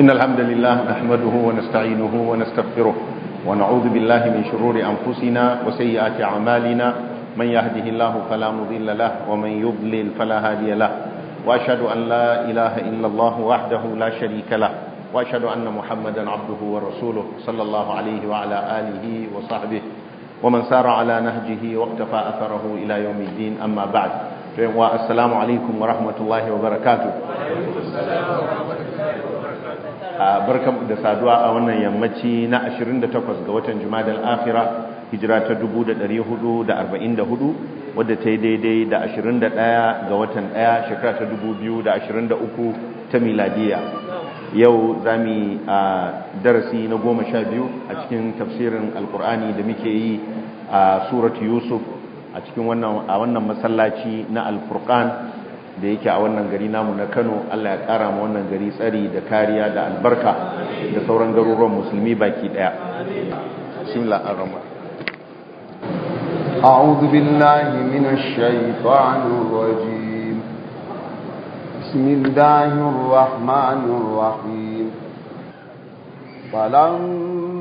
إن الحمد لله نحمده ونستعينه ونستغفره ونعوذ بالله من شرور أنفسنا وسيئات أعمالنا من يهده الله فلا مضل له ومن يضلل فلا هادي له وأشهد أن لا إله إلا الله وحده لا شريك له وأشهد أن محمدا عبده ورسوله صلى الله عليه وعلى آله وصحبه ومن سار على نهجه واقتفى أثره إلى يوم الدين أما بعد السلام عليكم ورحمة الله وبركاته barkan da saduwa a wannan yammaci na 28 ga watan Jumadal Akhira hijira ta 1444 wadda ta yi daidai da 21 ga watan 1 shekara ta 2023 ta miladiya yau za mu a darasi na 12 a cikin tafsirin alkur'ani da muke yi a suratu yusuf a cikin wannan a wannan masallaci na alfurqan da yake a wannan gari namu na Kano Allah ya kara ma wannan gari tsari da kariya da albarka da sauran garuruwan musulmi baki daya bismillah ar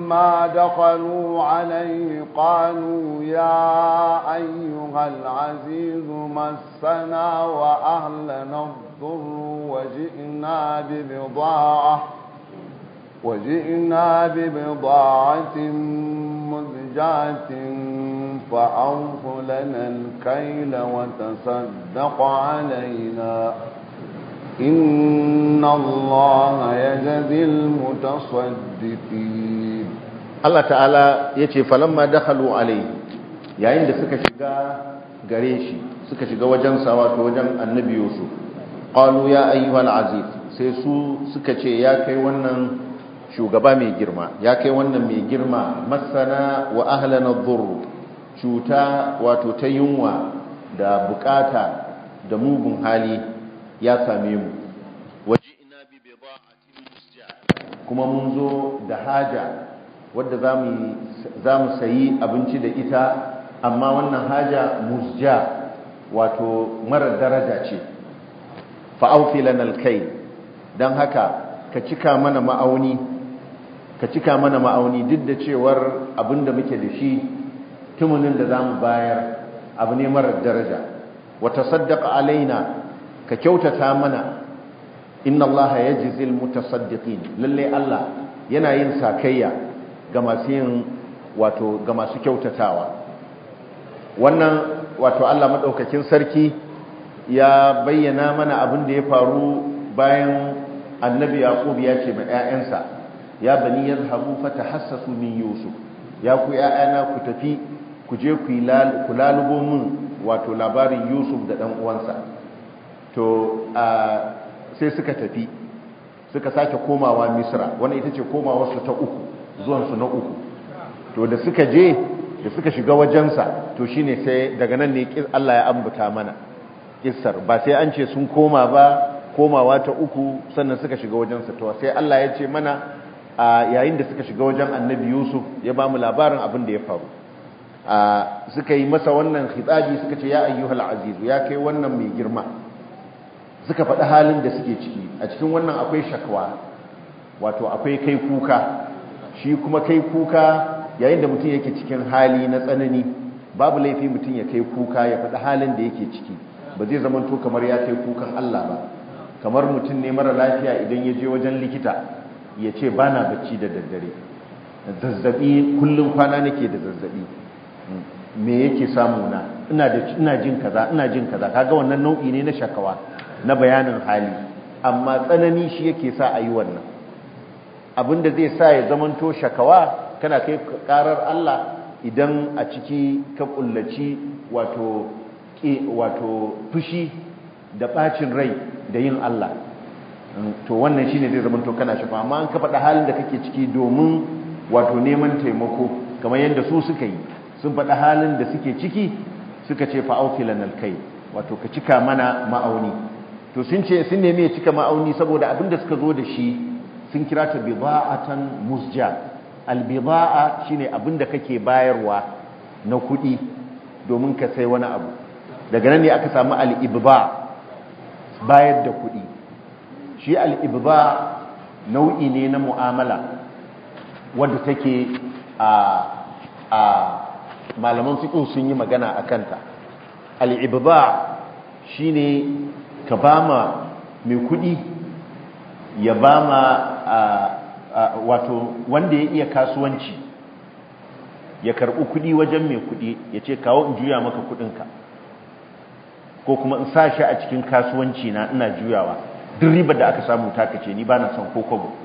فلما دخلوا عليه قالوا يا أيها العزيز مسنا وأهلنا الضر وجئنا ببضاعة وجئنا ببضاعة مزجاة فأوف لنا الكيل وتصدق علينا إن الله Allah Ta'ala ya ce, يتي فلما دخلوا عليه يعني ده suka shiga gare shi suka shiga wajen sa wato wajen annabi Yusuf qalu ya ayyuhal aziz sai su suka ce ya kai wannan shugaba mai girma ya kai wannan mai girma masana wa ahlana cuta wato ta yunwa da bukata da mugun hali ya same mu waje ina bi kuma mun zo da haja wadda za mu sayi abinci da ita amma wannan haja musja wato marar daraja ce fa aufi lana dan haka ka cika mana ma'auni ka cika mana ma'auni duk da cewar abin da muke da shi tumunin da za mu bayar abu ne marar daraja wata saddaka alaina ka kyautata mana inna Allah ya jizil mutasaddiqin lalle Allah yana yin sakayya ga masu yin wato ga masu kyautatawa wannan wato Allah madaukakin sarki ya bayyana mana abin da ya faru bayan annabi yaqub ya ce ma 'ya'yansa ya bani yadhhabu fatahassasu min yusuf ya ku ƴaƴana ku tafi ku je ku lalubo min wato labarin yusuf da ɗan uwansa to sai suka tafi suka sake komawa misra Wani ita ce komawarsu ta uku zuwansu na uku to da suka je da suka shiga wajensa to shi ne sai daga nan ne Allah ya ambata mana kissar ba sai an ce sun koma ba komawa ta uku sannan suka shiga wajensa to sai Allah ya ce mana yayin da suka shiga wajen annabi Yusuf ya ba mu labarin abin da ya faru suka yi masa wannan hitsaji suka ce ya ayyuhal azizu ya kai wannan mai girma suka faɗi halin da suke ciki a cikin wannan akwai shakwa wato akwai kai kuka shi kuma kai kuka yayin da mutum yake cikin hali na tsanani babu laifi mutum ya kai kuka ya faɗi halin da yake ciki ba zai zama to kamar ya kai kukan Allah ba kamar mutum ne mara lafiya idan ya je wajen likita ya ce ba na bacci da daddare zazzabi kullum kwana nake da zazzabi me yake samu na ina jin kaza ina jin kaza kaga wannan nau'i ne na shakawa na bayanin hali amma tsanani shi yake sa a yi wannan abinda zai sa ya zamanto shakawa kana kai karar Allah idan a ciki ka kullaci wato wato fushi da bacin rai da yin Allah mm, to wannan shi ne zai zamanto kana shafa amma an ka faɗa halin da kake ciki domin wato neman taimako kamar yadda su suka yi sun faɗa halin da suke ciki suka ce fa'aukilan alkai wato ka cika mana ma'auni to sun ce sun nemi ya cika ma'auni saboda abin da suka zo da shi sun kira ta biba'atan musja albiba'a shine abin da kake bayarwa na kuɗi domin ka sai wani abu daga nan ne aka samu al'ibba bayar da kuɗi shi al'ibba nau'i ne na mu'amala wadda take a malaman fiƙin sun yi magana a kanta al'ibba shi ne ka ba ma mai kuɗi ya ba ma wato wanda ya iya kasuwanci ya karɓi kuɗi wajen mai kuɗi ya ce kawo in juya maka kuɗinka ko kuma in sa shi a cikin kasuwanci na ina juyawa duk ribar da aka samu taka ce ni ba na son kokobo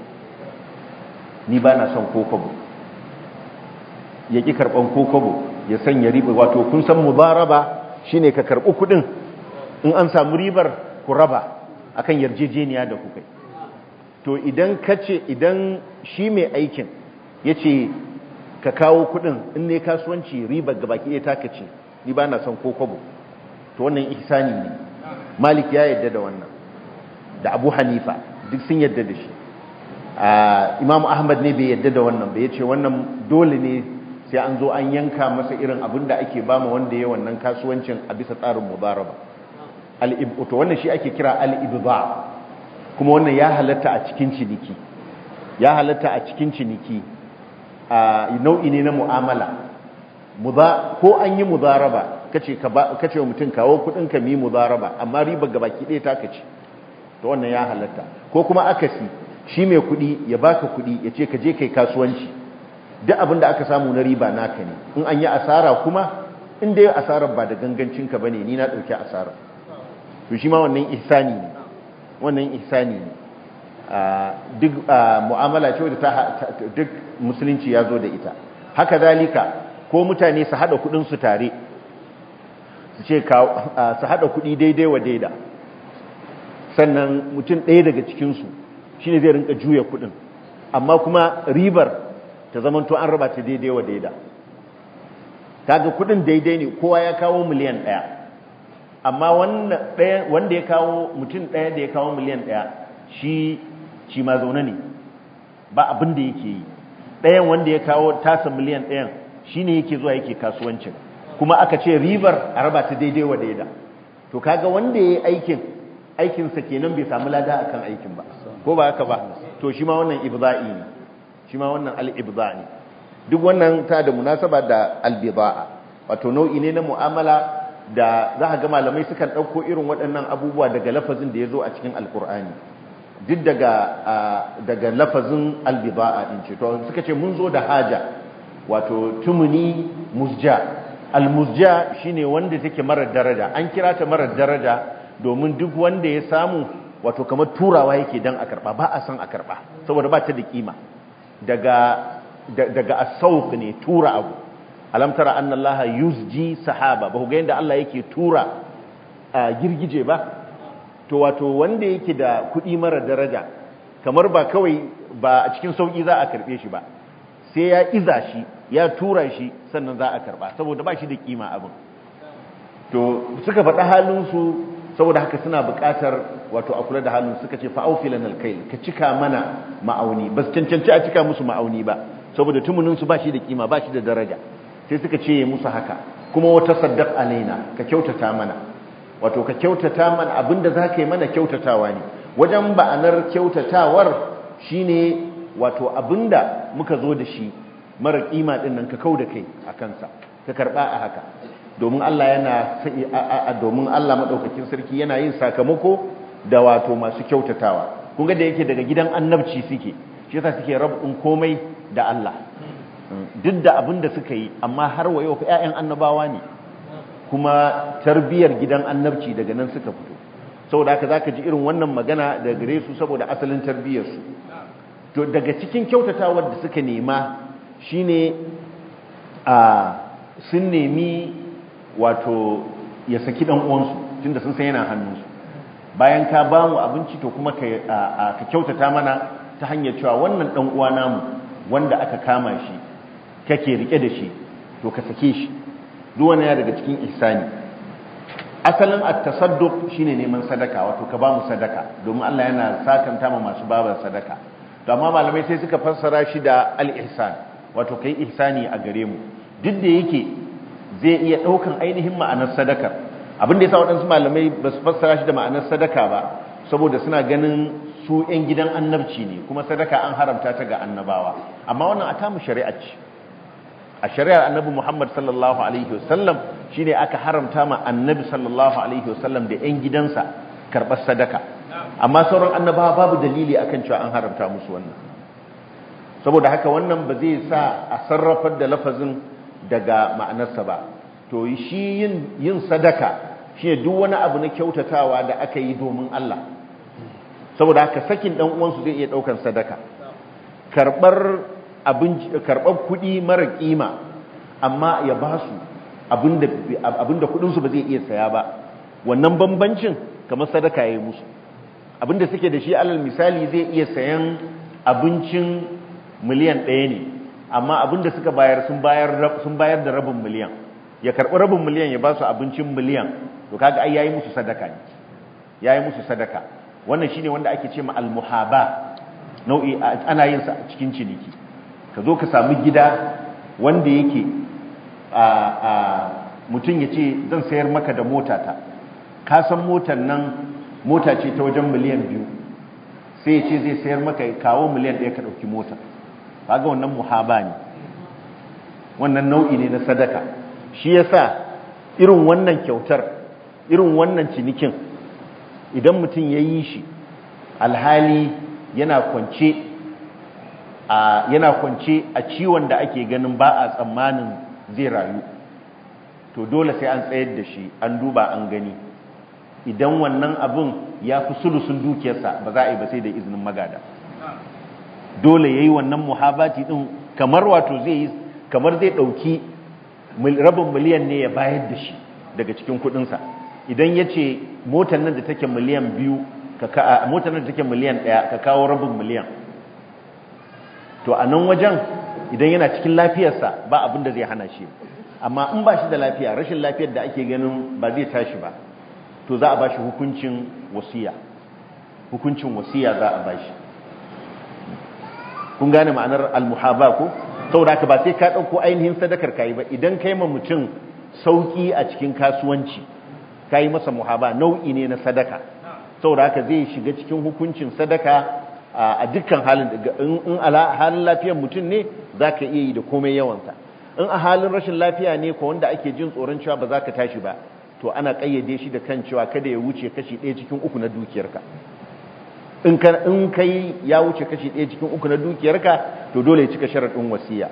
ni ba na son kokobo ya ƙi karɓan kokobo ya sanya riba wato kun san mubaraba shine ka karɓi kuɗin in an samu ribar ku raba akan yarjejeniya da kukai, to idan ce idan shi mai aikin ya ce ka kawo kudin in ne kasuwanci riba baki ɗaya taka ce ni ba na son ko kwabo to wannan ihsani ne malik ya yadda da wannan da abu hanifa duk sun yadda da shi imam ahmad ne bai yadda da wannan bai ce wannan dole ne sai an zo an yanka masa irin abin da ake bama wanda ya wannan kasuwancin a bisa tsarin mubaraba al’ibuto wannan shi ake kira al’ibuba kuma wannan ya halatta a cikin ciniki ya halatta a cikin ciniki a nau'i ne na mu'amala ko an yi mudaraba kace wa mutum kawo kudin ka mi mudaraba amma riba gaba kiɗe ta ci ta wannan ya halatta ko kuma akasi shi mai kudi ya baka kudi ya ce ka je kai kasuwanci duk abin da aka samu na riba naka ne in an yi asara kuma inda dai asarar ba da gangancinka bane ni na ɗauki asarar to shi ma wannan ihsani ne wannan ihsani ne duk mu'amala ce wadda ta duk musulunci ya zo da ita haka zalika ko mutane su hada kudin su tare su ce su hada kudi daidai wa daida sannan mutum ɗaya daga cikinsu shi ne zai rinka juya kudin amma kuma ribar ta zamanto an raba ta daidai wa daida kaga kudin daidai ne kowa ya kawo miliyan ɗaya amma wanda ya kawo mutum ɗaya da ya kawo miliyan ɗaya shi ma zaune ne ba abin da yake yi ɗayan wanda ya kawo tasa miliyan ɗayan shi ne yake zuwa yake kasuwancin kuma aka ce ribar a raba ta daidai wa daida to kaga wanda ya yi aikin aikinsa kenan bai samu lada akan aikin ba ko ba haka ba to shi ma wannan ibza'i ne shi ma wannan al'ibza'i duk wannan ta da munasaba da al wato nau'i ne na mu'amala da za a ga malamai sukan ɗauko irin waɗannan abubuwa daga lafazin da ya zo a cikin alkur'ani duk daga lafazin albiba'a in ce to suka ce mun zo da haja wato tumuni musja almusja shine wanda take marar daraja an kira ta marar daraja domin duk wanda ya samu wato kamar turawa yake dan a karba ba a san a karba saboda ba ta da kima daga daga ne tura abu alam tara anna allah yuzji sahaba ba ku ga yadda Allah yake tura a girgije ba to wato wanda yake da kuɗi mara daraja kamar ba kawai ba a cikin sauki za a karɓe shi ba sai ya iza shi ya tura shi sannan za a karba saboda ba shi da kima abin to suka faɗa halin su saboda haka suna buƙatar wato a kula da halin suka ce fa'aufilan alkail ka cika mana ma'auni ba cancanci a cika musu ma'auni ba saboda tumunin su ba shi da kima ba shi da daraja sai suka ce ya musu haka kuma wata saddaf alaina ka kyautata mana wato ka kyautata mana abinda za ka yi mana kyautatawa ne wajen ba'anar kyautatawar shi ne wato abinda muka zo da shi mara kima ɗin nan ka kau da kai a kansa ka karba a haka domin Allah yana sa'i domin Allah maɗaukakin sarki yana yin sakamako da wato masu kyautatawa kun ga da yake daga gidan annabci suke shi yasa suke rabu komai da Allah duk da abin da suka yi amma har wa yau ƴaƴan annabawa ne kuma tarbiyar gidan annabci daga nan suka fito saboda haka zaka ji irin wannan magana daga gare su saboda asalin tarbiyar to daga cikin kyautatawar da suka nema shine a sun nemi wato ya saki dan uwansu tunda sun san yana hannunsu bayan ka ba mu abinci to kuma ka ka kyautata mana ta hanyar cewa wannan dan uwa namu wanda aka kama shi kake rike da shi to ka sake shi duk ya daga cikin ihsani asalin at-tasadduq shine neman sadaka wato ka ba mu sadaka domin Allah yana sakanta ma masu babar sadaka to amma malamai sai suka fassara shi da al-ihsan wato kai ihsani a gare mu duk da yake zai iya daukan ainihin ma'anar sadakar abin da yasa waɗansu malamai ba su fassara shi da ma'anar sadaka ba saboda suna ganin su 'yan gidan annabci ne kuma sadaka an haramta ta ga annabawa amma wannan a tamu shari'a ce a shari'ar annabi Muhammad sallallahu alaihi wasallam shine aka haramta ma annabi sallallahu alaihi wasallam da ƴan gidansa karɓar sadaka amma sauran annabawa babu dalili akan cewa an haramta musu wannan saboda haka wannan ba zai sa a sarrafar da lafazin daga ma'anarsa ba to shi yin sadaka shine duk wani abu na kyautatawa da aka yi domin Allah saboda haka sakin dan uwansu zai iya daukan sadaka karɓar karɓar kuɗi mara ƙima amma ya ba su abinda kuɗinsu ba zai iya saya ba wannan bambancin kamar sadaka ya yi musu abinda suke da shi alal misali zai iya sayan abincin miliyan ɗaya ne amma abinda suka bayar sun bayar da rabin miliyan ya karɓi rabin miliyan ya ba su abincin miliyan to kaga ai yayi musu sadaka ne yayi musu sadaka wannan shine wanda ake ce ma al-muhaba nau'i ana yin sa cikin ciniki ka zo ka sami gida wanda yake mutum ya ce zan sayar maka da motata ka san motar nan mota ce ta wajen miliyan biyu sai ya ce zai sayar maka kawo miliyan ɗaya ka ɗauki ba ga wannan muhaba ne wannan nau'i ne na sadaka shi ya sa irin wannan kyautar irin wannan cinikin idan mutum ya yi shi alhali yana kwance yana kwance a ciwon da ake ganin ba a tsammanin zai rayu to dole sai an tsayar da shi an duba an gani idan wannan abin ya fi sulusun dukiyarsa ba za a yi ba sai da izinin magada dole ya yi wannan muhabati ɗin kamar wato zai yi kamar zai ɗauki rabin miliyan ne ya bayar da shi daga cikin kuɗinsa idan ya ce motar nan da take miliyan biyu motar nan da take miliyan ɗaya ka kawo rabin miliyan to a nan wajen idan yana cikin lafiyarsa ba abin da zai hana shi amma in ba shi da lafiya rashin lafiyar da ake ganin ba zai tashi ba to za a ba shi hukuncin wasiya hukuncin wasiya za a ba shi kun gane ma'anar almuhaba ko saboda ka ba sai ka ɗauko ainihin sadakar kayi ba idan kai ma mutum sauki a cikin kasuwanci kayi masa muhaba nau'i ne na sadaka saboda haka zai shiga cikin hukuncin sadaka a dukkan halin in halin lafiyar mutum ne za ka iya yi da komai yawansa in a halin rashin lafiya ne ko wanda ake jin tsoron cewa ba za ka tashi ba to ana kayyade shi da kan cewa kada ya wuce kashi ɗaya cikin uku na dukiyarka in ka in kai ya wuce kashi ɗaya cikin uku na dukiyarka to dole ya cika sharaɗin wasiya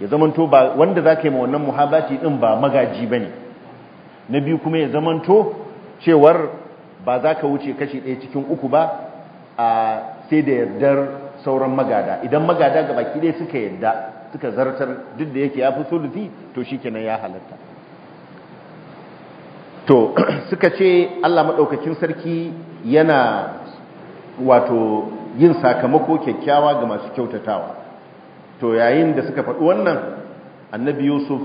ya zamanto ba wanda za ka yi ma wannan muhabbaci ɗin ba magaji ba ne na biyu kuma ya zamanto cewar ba za ka wuce kashi ɗaya cikin uku ba a sai da yardar sauran magada idan magada ga baki ɗaya suka yarda suka zartar duk da yake ya fi sulufi to shi kenan ya halatta to suka ce Allah maɗaukacin sarki yana wato yin sakamako kyakkyawa ga masu kyautatawa to yayin da suka faɗi wannan annabi yusuf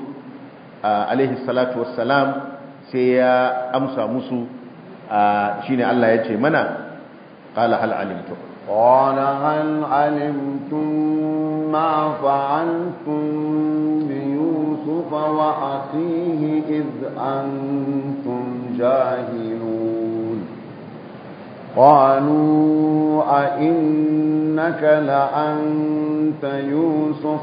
alaihi salatu wassalam sai ya amsa musu shine Allah ya ce mana qala hal alimtum قال هل علمتم ما فعلتم بيوسف وأخيه إذ أنتم جاهلون قالوا أئنك لأنت يوسف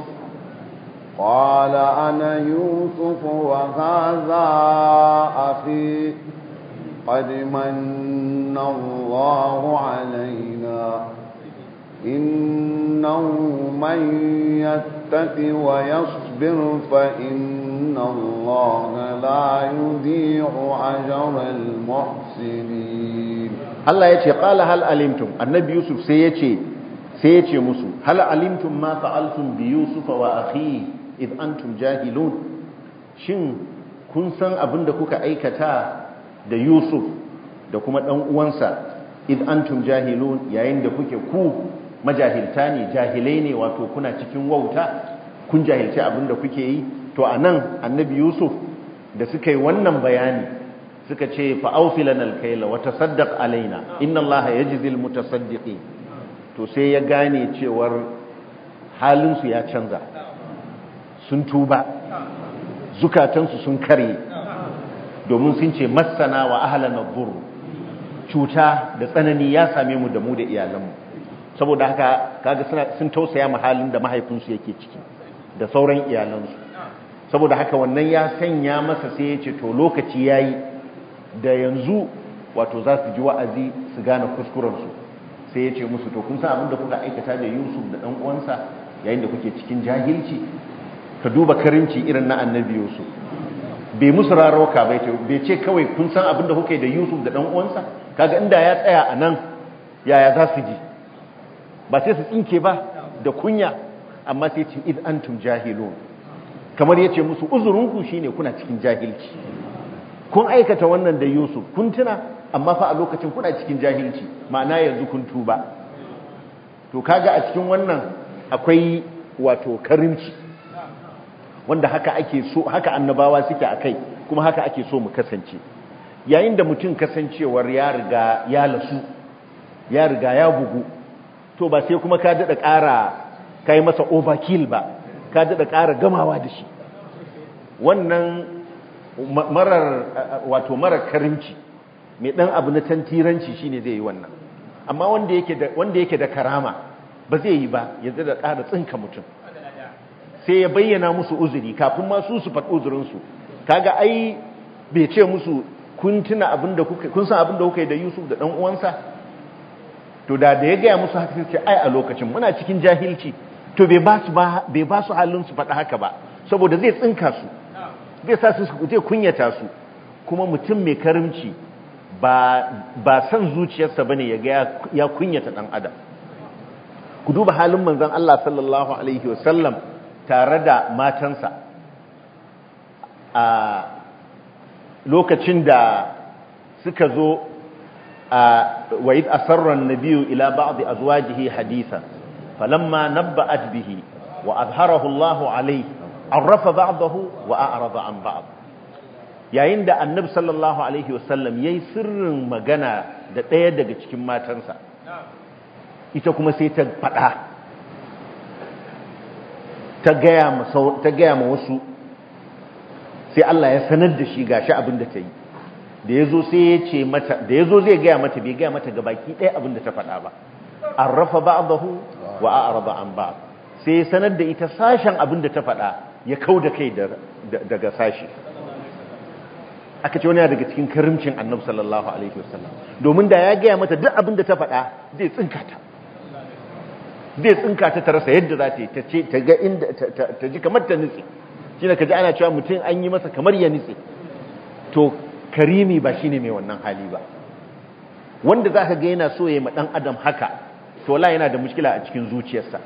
قال أنا يوسف وهذا أخي قد من الله علينا إنه من يتق ويصبر فإن الله لا يضيع أجر المحسنين الله يتي قال هل علمتم النبي يوسف سيتي سيتي مسو هل علمتم ما فعلتم بيوسف وأخيه إذ أنتم جاهلون شن kun san abin da kuka aikata da yusuf da kuma ɗan uwansa id antum jahilun yayin da kuke ku majahilta ne jahilai ne wato kuna cikin wauta kun jahilci abin da kuke yi to a nan annabi yusuf da suka yi wannan bayani suka ce fa'aufilan alkaila wata saddaq alaina inna allaha ya ji zilmu ta saddiƙi to sai ya gane cewar halinsu ya canza sun tuba zukatansu sun karye domin sun ce masana wa ahlana dhur cuta da tsanani ya same mu da mu da iyalanmu saboda haka kaga sun tausaya ma halin da mahaifinsu yake ciki da sauran iyalansu saboda haka wannan ya sanya masa sai ya ce to lokaci ya yi da yanzu wato za su ji wa'azi su gane kuskurensu sai ya ce musu to kun san abin da kuka aikata da Yusuf da ɗan uwansa yayin da kuke cikin jahilci ka duba karinci irin na annabi Yusuf bai musu rarauka bai ce bai ce kawai kun san abin da kuke da yusuf da dan uwansa kaga inda ya tsaya a nan yaya za su ji ba sai su tsinke ba da kunya amma sai ce id antum jahilun kamar yace musu uzurinku shine kuna cikin jahilci kun aikata wannan da yusuf kun tuna amma fa a lokacin kuna cikin jahilci ma'ana yanzu kun tuba to kaga a cikin wannan akwai wato karimci wanda haka ake so haka annabawa suke akai kuma haka ake so mu kasance yayin da mutum kasancewar ya riga ya lasu ya riga ya bugu to ba sai kuma ka dada ƙara kai masa overkill ba ka dada ƙara gamawa da shi wannan marar wato marar karimci mai dan abu na tantiranci shine zai yi wannan amma wanda yake da wanda yake da karama ba zai yi ba yanzu da ƙara tsinka mutum sai ya bayyana musu uzuri kafin ma su su faɗi uzurinsu kaga ai bai ce musu kun tuna abin kuka kun san abinda da kuka yi da Yusuf da ɗan'uwansa uwansa to da da ya gaya musu haka ce ai a lokacin muna cikin jahilci to bai ba su halin su faɗi haka ba saboda zai tsinka su zai sa su zai kunyata su kuma mutum mai karimci ba ba san zuciyarsa bane ya ga ya kunyata dan adam ku duba halin manzon Allah sallallahu alaihi wasallam tare da matansa a lokacin da suka zo a wa'id asarran nabiyu ila ba'di azwajihi hadisan falamma nabba'at bihi wa azharahu Allahu alayhi arrafa ba'dahu wa a'rada an ba'd yayin da annabi sallallahu alaihi wasallam yayi sirrin magana da ɗaya daga cikin matansa ita kuma sai ta faɗa ta gaya ma wasu sai Allah ya sanar da shi gashi abin da ta yi da ya zo sai ya ce mata da ya zo zai gaya mata bai gaya mata baki ɗaya abin da ta faɗa ba an rafa bahu wa a araba an ba sai sanar da ita sashen abin da ta faɗa ya kau da kai daga sashi aka ce wani daga cikin karimcin annabi sallallahu alaihi wasallam domin da ya gaya mata duk abin da ta faɗa zai tsinkata. zai tsinka ta tarasa yadda za ta yi ta ga inda ta ji kamar ta nitsi shi ne ka ana cewa mutum an yi masa kamar ya nitse to karimi ba shi ne mai wannan hali ba wanda za ka ga yana so ya yi ma ɗan adam haka to la yana da mushkila a cikin zuciyarsa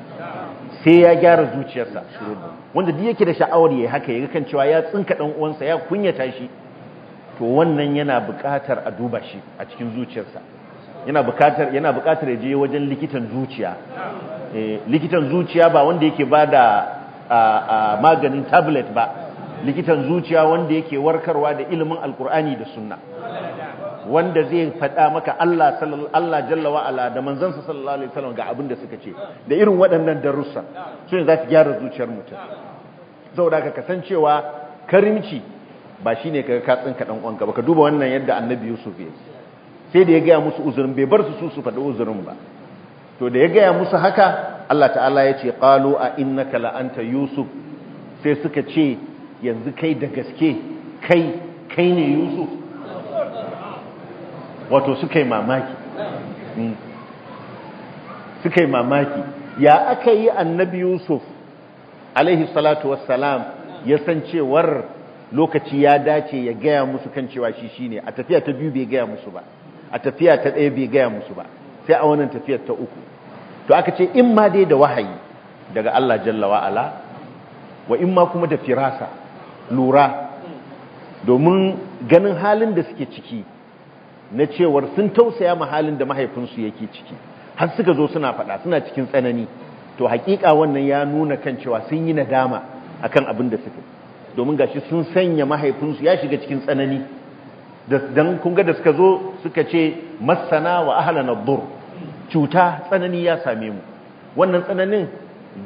sai ya gyara zuciyarsa wanda duk yake da sha'awar ya yi haka ya ga kan cewa ya tsinka ɗan uwansa ya kunyata shi to wannan yana buƙatar a duba shi a cikin zuciyarsa yana buƙatar yana buƙatar ya je wajen likitan zuciya Eh, likitan zuciya ba wanda yake ba da maganin tablet ba likitan zuciya wanda yake warkarwa da ilimin alkur'ani da sunna wanda zai faɗa maka Allah Allah jalla wa ala da manzansa sallallahu alaihi wasallam ga abin da suka ce da irin waɗannan darussa so ne za gyara zuciyar mutum saboda ka kasancewa karimci ba shine kaga ka tsinka dan uwanka ba ka duba wannan yadda annabi Yusuf ya sai da ya gaya musu uzurin bai bar su su faɗi uzurin ba to da ya gaya musu haka Allah ta'ala ya ce qalu a innaka la'anta yusuf sai suka ce yanzu kai da gaske kai kai ne yusuf wato suka yi mamaki hmm. suka yi mamaki ya aka yi annabi yusuf alaihi salatu wassalam ya san cewar lokaci ya dace ya gaya musu kan cewa shi shi ne a tafiya ta biyu bai gaya musu ba a tafiya ta ɗaya bai gaya musu ba sai a wannan tafiyar ta uku to aka ce in ma dai da wahayi daga Allah jalla wa ala wa in ma kuma da firasa lura domin ganin halin da suke ciki na cewar sun tausaya ma halin da mahaifinsu yake ciki har suka zo suna faɗa suna cikin tsanani to hakika wannan ya nuna kan cewa sun yi nadama akan abin da suka domin gashi sun sanya mahaifinsu ya shiga cikin tsanani dan kun ga da suka zo suka ce masana wa ahlana dhur cuta tsanani ya same mu wannan tsananin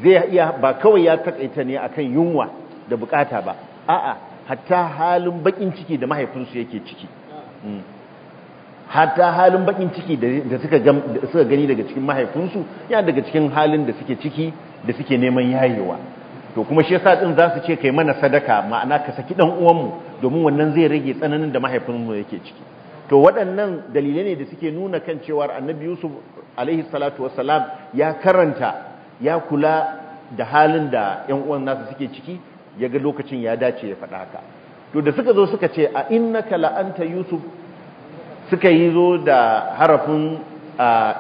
zai iya ba kawai ya takaita ne akan yunwa da bukata ba a'a hatta halin bakin ciki da mahaifinsu yake ciki mm. hatta halin bakin ciki da suka gani daga cikin mahaifinsu ya daga cikin halin da suke ciki da suke neman yayewa to kuma shi yasa din za su ce kai mana sadaka ma'ana ka saki dan mu domin wannan zai rage tsananin da mahaifinmu yake ciki to waɗannan dalilai ne da suke nuna kan cewa annabi yusuf alaihi salatu salam ya karanta ya kula da halin da yan uwan nasu suke ciki ya ga lokacin ya dace ya faɗa haka to da suka zo suka ce a innaka la'anta yusuf suka yi zo da harafin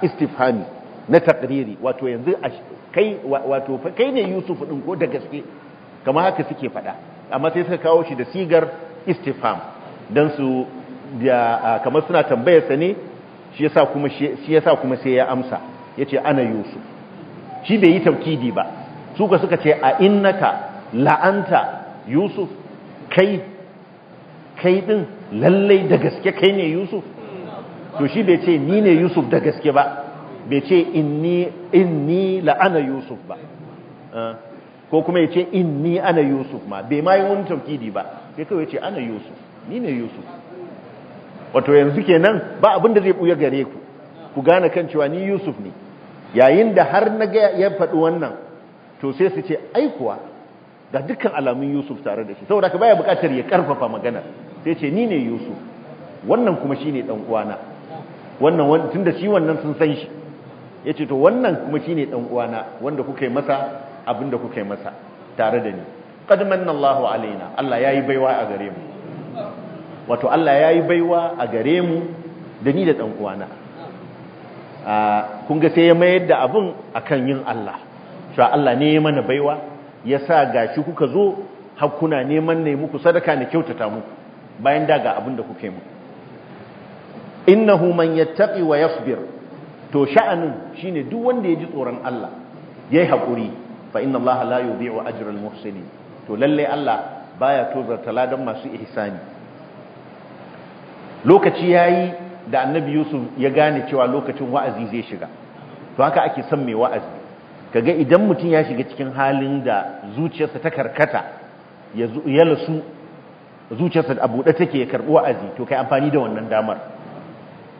istifhami na takriri wato yanzu kai wato kai ne yusuf din ko da gaske kamar haka suke faɗa amma sai suka kawo shi da sigar istifham dan su kamar suna tambayar sa ne shi ya kuma shi kuma sai ya amsa yace ana yusuf shi bai yi taukidi ba su ka suka ce a innaka la'anta yusuf kai kai din lallai da gaske kai ne yusuf to shi bai ce ni ne yusuf da gaske ba bai ce inni inni la'ana yusuf ba ah, ko kuma ya ce inni ana yusuf ma bai ma yi wani taukidi ba sai kawai ce ana yusuf ni ne yusuf wato yanzu kenan ba abin da zai buya gare ku ku gane kan cewa ni Yusuf ne yayin da har na ga ya faɗi wannan to sai su ce ai kuwa ga dukkan alamun Yusuf tare da shi saboda ka baya buƙatar ya karfafa magana sai ce ni ne Yusuf wannan kuma shine dan uwana wannan tunda shi wannan sun san shi yace to wannan kuma shine dan uwana wanda kuka yi masa abinda kuka yi masa tare da ni qad manna Allahu alaina Allah yayi baiwa a gare mu wato Allah ya yi baiwa a gare mu da ni da ɗan uwana kun ga sai ya mayar da abin kan yin Allah cewa Allah ne ya mana baiwa ya sa gashi kuka zo hakuna neman ne muku sadaka na kyautata mu bayan daga ga abin da kuke mu innahu man yattaqi wa yasbir to sha'anin shine duk wanda ya ji tsoron Allah yayi haƙuri fa inna Allah la yudhi'u ajra al-muhsinin to lalle Allah baya tozarta ladan masu ihsani lokaci ya yi da annabi yusuf ya gane cewa lokacin wa'azi zai shiga to haka ake son mai wa'azi kaga idan mutum ya shiga cikin halin da zuciyarsa ta karkata ya lasu zuciyarsa a buɗe take ya karɓi wa'azi to kai amfani da wannan damar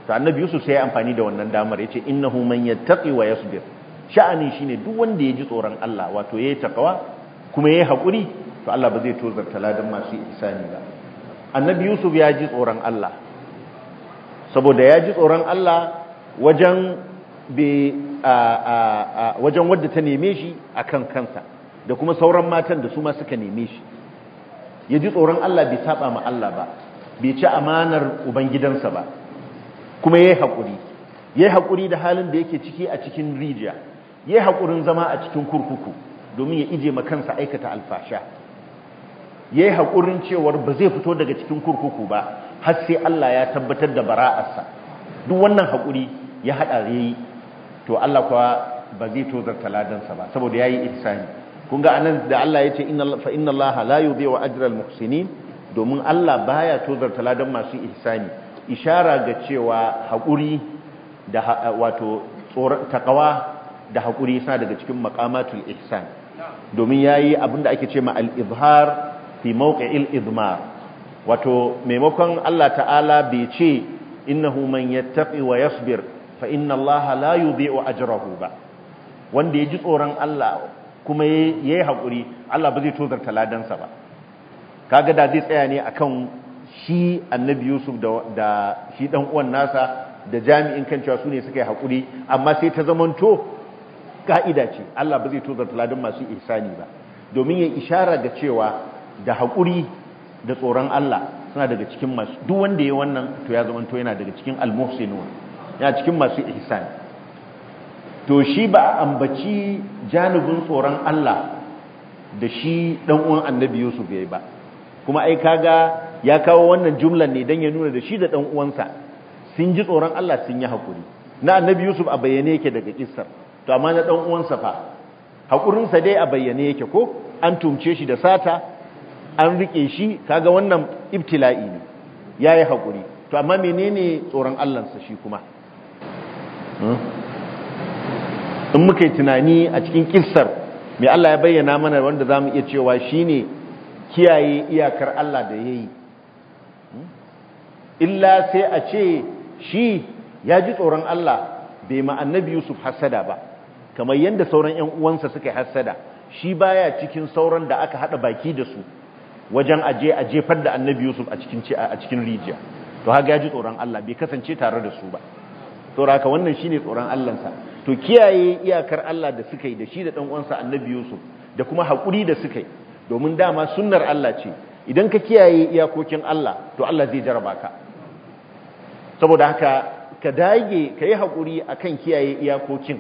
to annabi yusuf sai ya amfani da wannan damar ya yace innahu man yattaqi wa yasbir sha'ani shine duk wanda ya ji tsoron Allah wato yayi takawa kuma yayi hakuri to Allah ba zai tozarta ladan masu ihsani ba annabi yusuf ya ji tsoron Allah saboda ya ji tsoron Allah wajen wajen wadda ta neme shi akan kansa da kuma sauran matan da su ma suka neme shi ya ji tsoron Allah bai saba ma Allah ba bai ci amanar ubangidansa ba kuma yayi hakuri yayi hakuri da halin da yake ciki a cikin rijiya yayi hakurin zama a cikin kurkuku domin ya ije ma kansa aikata alfasha yayi hakurin cewar ba zai fito daga cikin kurkuku ba har sai Allah ya tabbatar da bara'arsa duk wannan hakuri ya hada yayi to Allah kuwa ba zai tozarta ladansa ba saboda yayi ihsani kun ga anan da Allah ya ce fa inna Allah la yobe wa al-muhsinin domin Allah baya tozarta ladan masu ihsani ishara ga cewa hakuri da wato taƙawa da hakuri suna daga cikin makamatul ihsan domin yayi abinda ake ce ma al-izhar fi mawqi'il idmar wato maimakon Allah ta'ala bai ce innahu man tafi wa yasbir fa inna Allah la wa ajirahu ba wanda ya ji tsoron Allah kuma ya yi haƙuri Allah ba zai tozarta ladansa ba kaga da zai tsaya ne akan shi annabi Yusuf da shi dan uwan nasa da jami'in kan cewa su ne suka yi haƙuri amma sai ta zamanto ka'ida ce Allah ba zai tozarta ladan masu ihsani ba domin ya ishara da cewa da haƙuri da tsoron Allah suna daga cikin masu duk wanda ya wannan to ya zama to yana daga cikin almuhsinun yana cikin masu ihsan to shi ba a ambaci janibin tsoron Allah da shi dan uwan annabi Yusuf yayi ba kuma ai kaga ya kawo wannan jumlan ne dan ya nuna da shi da dan uwansa sun ji tsoron Allah sun yi haƙuri na annabi Yusuf a bayyane yake daga kissar to amma na dan uwansa fa haƙurinsa dai a bayyane yake ko an tumce shi da sata an rike shi kaga wannan ibtila'i ne yayi hakuri to amma menene tsoron Allahnsa shi kuma hmm? in muka yi tunani a cikin kissar mai Allah ya bayyana mana wanda za mu iya cewa shine kiyaye iyakar Allah da yayi hmm? illa sai a ce shi ya ji tsoron Allah bai ma annabi Yusuf hasada ba kamar yadda sauran 'yan uwansa suka yi hasada shi baya cikin sauran da aka hada baki da su wajen aje a jefar da annabi yusuf a cikin a cikin rijiya to haka ya ji tsoron Allah bai kasance tare da su ba saboda wannan shine tsoron sa to kiyaye iyakar Allah da suka yi da shi da dan uwansa annabi yusuf da kuma hakuri da suka yi domin dama sunnar Allah ce idan ka kiyaye iyakokin Allah to Allah zai jarraba ka saboda haka ka dage ka yi hakuri akan kiyaye iyakokin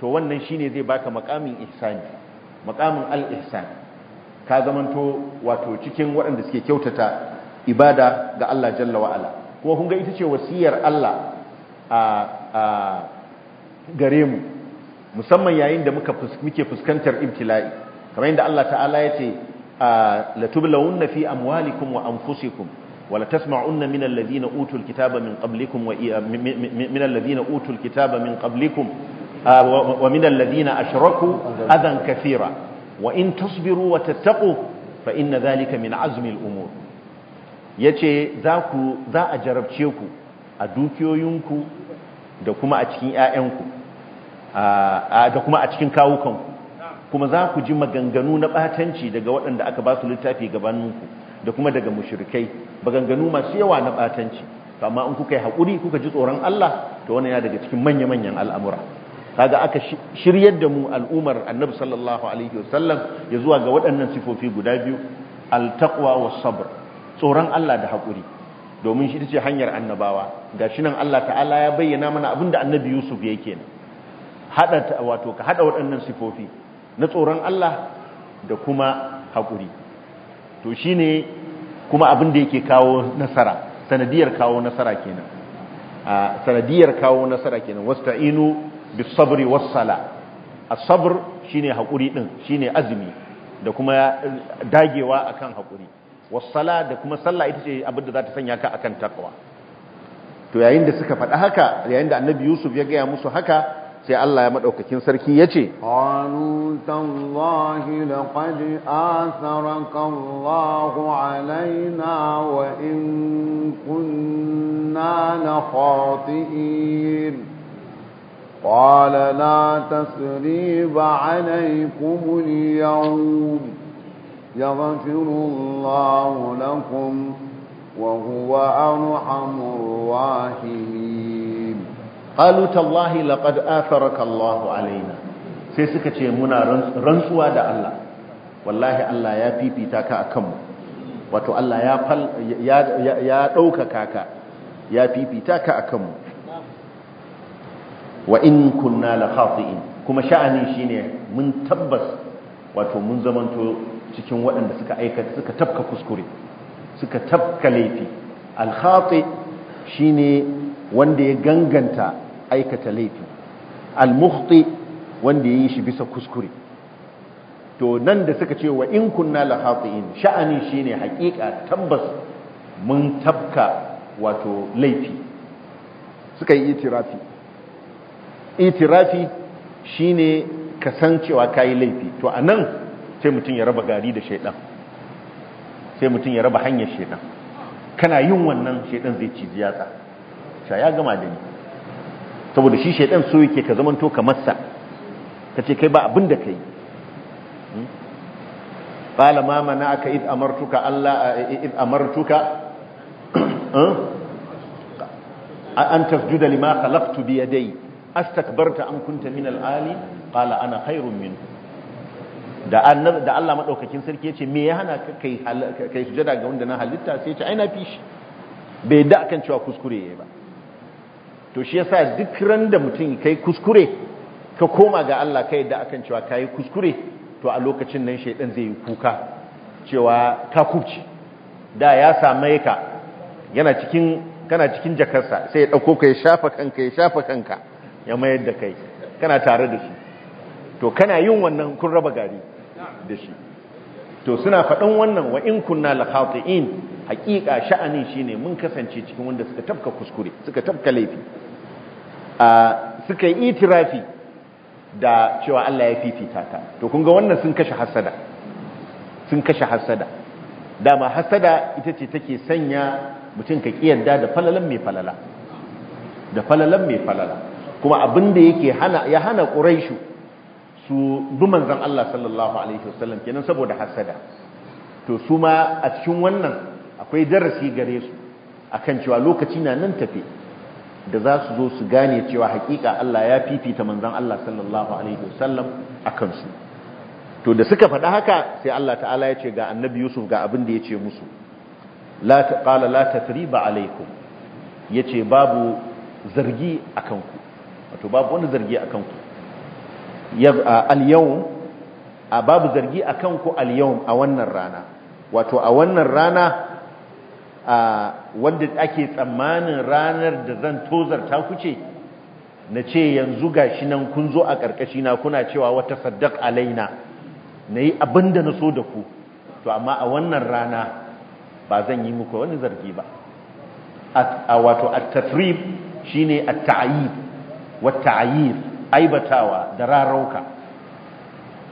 to wannan shine zai baka makamin ihsani makamin al-ihsani ka zamanto wato cikin waɗanda suke kyautata ibada ga Allah jalla wa'ala kuma kun ga ita ce wasiyar Allah a gare mu musamman yayin da muka muke fuskantar ibtila'i kamar yadda Allah ta'ala ya ce latublawunna fi amwalikum wa anfusikum wa tasma'unna min alladhina utul kitaba min qablikum wa min alladhina utul kitaba min qablikum wa min alladhina ashraku adan kafira. wa in tasbiru wa tattaqu fa inna zalika min azmi al-umur yace za ku za a jarabce ku a dukiyoyinku da kuma a cikin ƴaƴanku da kuma a cikin kawukanku kuma za ku ji maganganu na batanci daga waɗanda aka ba su littafi gabaninku da kuma daga mushrikai maganganu masu yawa na batanci amma in kuka yi haƙuri kuka ji tsoron Allah to wannan ya daga cikin manya-manyan al'amura kaga aka shiryar da mu al'umar annabi sallallahu alaihi wasallam ya zuwa ga waɗannan sifofi guda biyu al-taqwa was-sabr tsoron Allah da hakuri domin shi ce hanyar annabawa gashi nan Allah ta'ala ya bayyana mana abin da annabi Yusuf yake ne hada wato ka hada waɗannan sifofi na tsoron Allah da kuma hakuri to shine kuma abin abinda yake kawo nasara sanadiyar kawo nasara kenan a sanadiyar kawo nasara kenan wasta'inu bisabri wassala asabr shine hakuri din shine azumi da kuma eh, dagewa akan hakuri wassala da kuma sallah ita ce abin da za ta sanya ka akan takwa to yayin da suka faɗa haka yayin da annabi yusuf ya gaya musu haka sai Allah ya maɗaukakin sarki ya ce ƙalu tallahi laqad atharaka alaina wa in kunna khati'in قال لا تسريب عليكم اليوم يغفر الله لكم وهو أرحم الراحمين قالوا تالله لقد آثرك الله علينا sai suka ce muna rantsuwa da Allah wallahi Allah ya fifita ka a mu wato Allah ya ya ka ya fifita ka akan wa in kunna la khati'in kuma sha'ani shine mun tabbas wato mun zamanto cikin waɗanda suka aikata suka tafka kuskure suka tafka laifi al khati shine wanda ya ganganta aikata laifi al mukhti wanda yayi shi bisa kuskure to nan da suka ce wa in kunna la khati'in sha'ani shine haƙiƙa tabbas mun tafka wato laifi suka yi itirafi itirafi shine ka san cewa kayi laifi to anan sai mutum ya raba gari da shaidan sai mutum ya raba hanyar shaidan kana yin wannan shaidan zai ci ziyatsa sha ya gama da ni saboda shi shaidan so yake ka zamanto kamar Ka kace kai ba abin da kai hmm? qala ma aka id amartuka Allah, eh, id amartuka eh? an tasjuda lima khalaqtu bi yadayya astakbarta an kunta min al'ali qala ana khairun min da annab da Allah madaukakin sarki yace me ya hana kai kai sujada ga wanda na halitta sai yace ai na fishi bai da akan cewa kuskure yayi ba to shi yasa duk ran da mutum kai kuskure ka koma ga Allah kai da akan cewa kai kuskure to a lokacin nan shaydan zai yi kuka cewa ka kubci da ya same ka yana cikin kana cikin jakarsa sai ya dauko ka ya shafa kanka ya shafa kanka ya mayar da kai kana tare da shi to kana yin wannan kun raba gari da shi to suna faɗin wannan wa in kunna la khati'in haƙiƙa sha'ani shine mun kasance cikin wanda suka tafka kuskure suka tafka laifi a suka yi itirafi da cewa Allah ya fifita ta to kun ga wannan sun kashe hasada sun kashe hasada dama hasada ita ce take sanya mutum ka kiyarda da falalan mai falala da falalan mai falala kuma abin da yake hana ya hana ƙuraishu su bi zan Allah sallallahu alaihi wasallam kenan saboda hasada to su ma a cikin wannan akwai darasi gare su akan cewa lokaci na nan tafe da za su zo su gane cewa hakika Allah ya fifita manzan Allah sallallahu alaihi wasallam a kansu, to da suka faɗa haka sai Allah ta'ala ya ce ga annabi Yusuf ga abin da ya ce musu la taqala la tatriba alaikum ce babu zargi a ku wato babu wani zargi a kanku al-yawm a babu zargi a kanku al-yawm a wannan rana wato a wannan rana a wanda ake tsammanin ranar da zan tozarta ku ce na ce yanzu gashi nan kun zo a ƙarƙashi na kuna cewa wata saddaq alaina na nayi abinda na so da ku to amma a wannan rana ba zan yi muku wani zargi ba a wato at-tatrib ne atta'ayi. ta'ayib والتعيير aibatawa da rarauka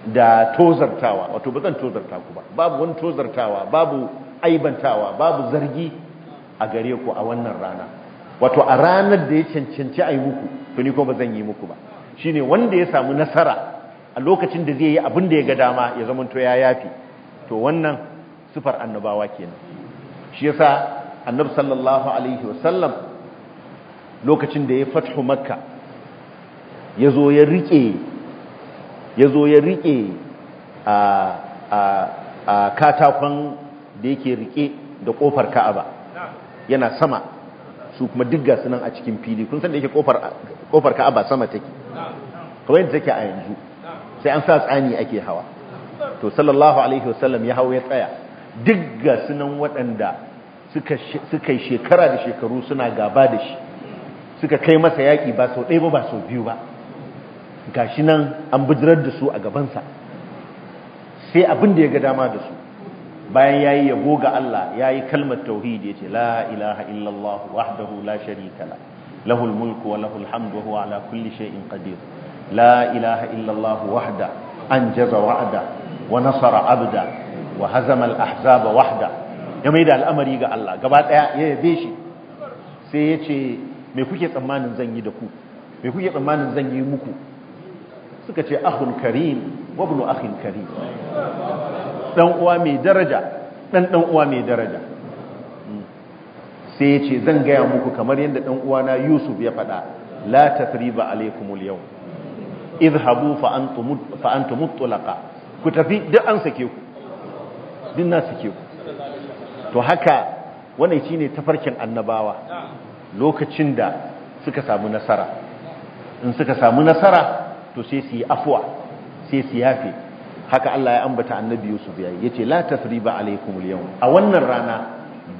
da tozartawa wato ba zan tozarta ku ba babu wani tozartawa babu aibantawa babu zargi a gare ku a wannan rana wato a ranar da ya cancanci a yi muku to ni ko ba zan yi muku ba shine wanda ya samu nasara a lokacin da zai yi abin da ya ga dama ya zama to ya yafi to wannan sifar annabawa kenan shi yasa annabi sallallahu alaihi wasallam lokacin da ya fathu ya zo ya rike ya zo ya rike a katakon da yake rike da kofar ka'aba yana sama su kuma duk gasu nan a cikin fili kun san da yake kofar ka'aba sama take kawai da take a yanzu sai an sa tsani ake hawa to sallallahu alaihi wasallam ya hawa ya tsaya duk gasu nan waɗanda suka shekara da shekaru suna gaba da shi suka kai masa yaƙi ba sau ɗaya ba ba sau biyu ba gashi nan an bijirar da su a gabansa sai abin da ya ga dama da su bayan yayi yabo ga Allah yayi kalmar tauhidi ya la ilaha illallah wahdahu la sharika la lahul mulku wa lahul hamdu wa ala kulli shay'in qadir la ilaha illallah wahda anjaza wa'da wa nasara abda wa hazama al wahda ya da al'amari ga Allah gaba daya ya yabe shi sai yace me kuke tsammanin zan yi da ku me kuke tsammanin zan yi muku suka ce ahun karim wa ibn karim dan uwa mai daraja dan dan uwa mai daraja hmm. sai yace zan gaya muku kamar yadda dan uwana Yusuf ya faɗa la tathriba alaykumul yawm idhabu fa antum fa antum mutlaqa ku tafi duk an sake ku duk na sake ku to haka wannan shine tafarkin annabawa lokacin da suka samu nasara in suka samu nasara to sai su yi afuwa sai su yafe haka Allah ya ambata annabi Yusuf yayi yace la tasriba alaikum yau a wannan rana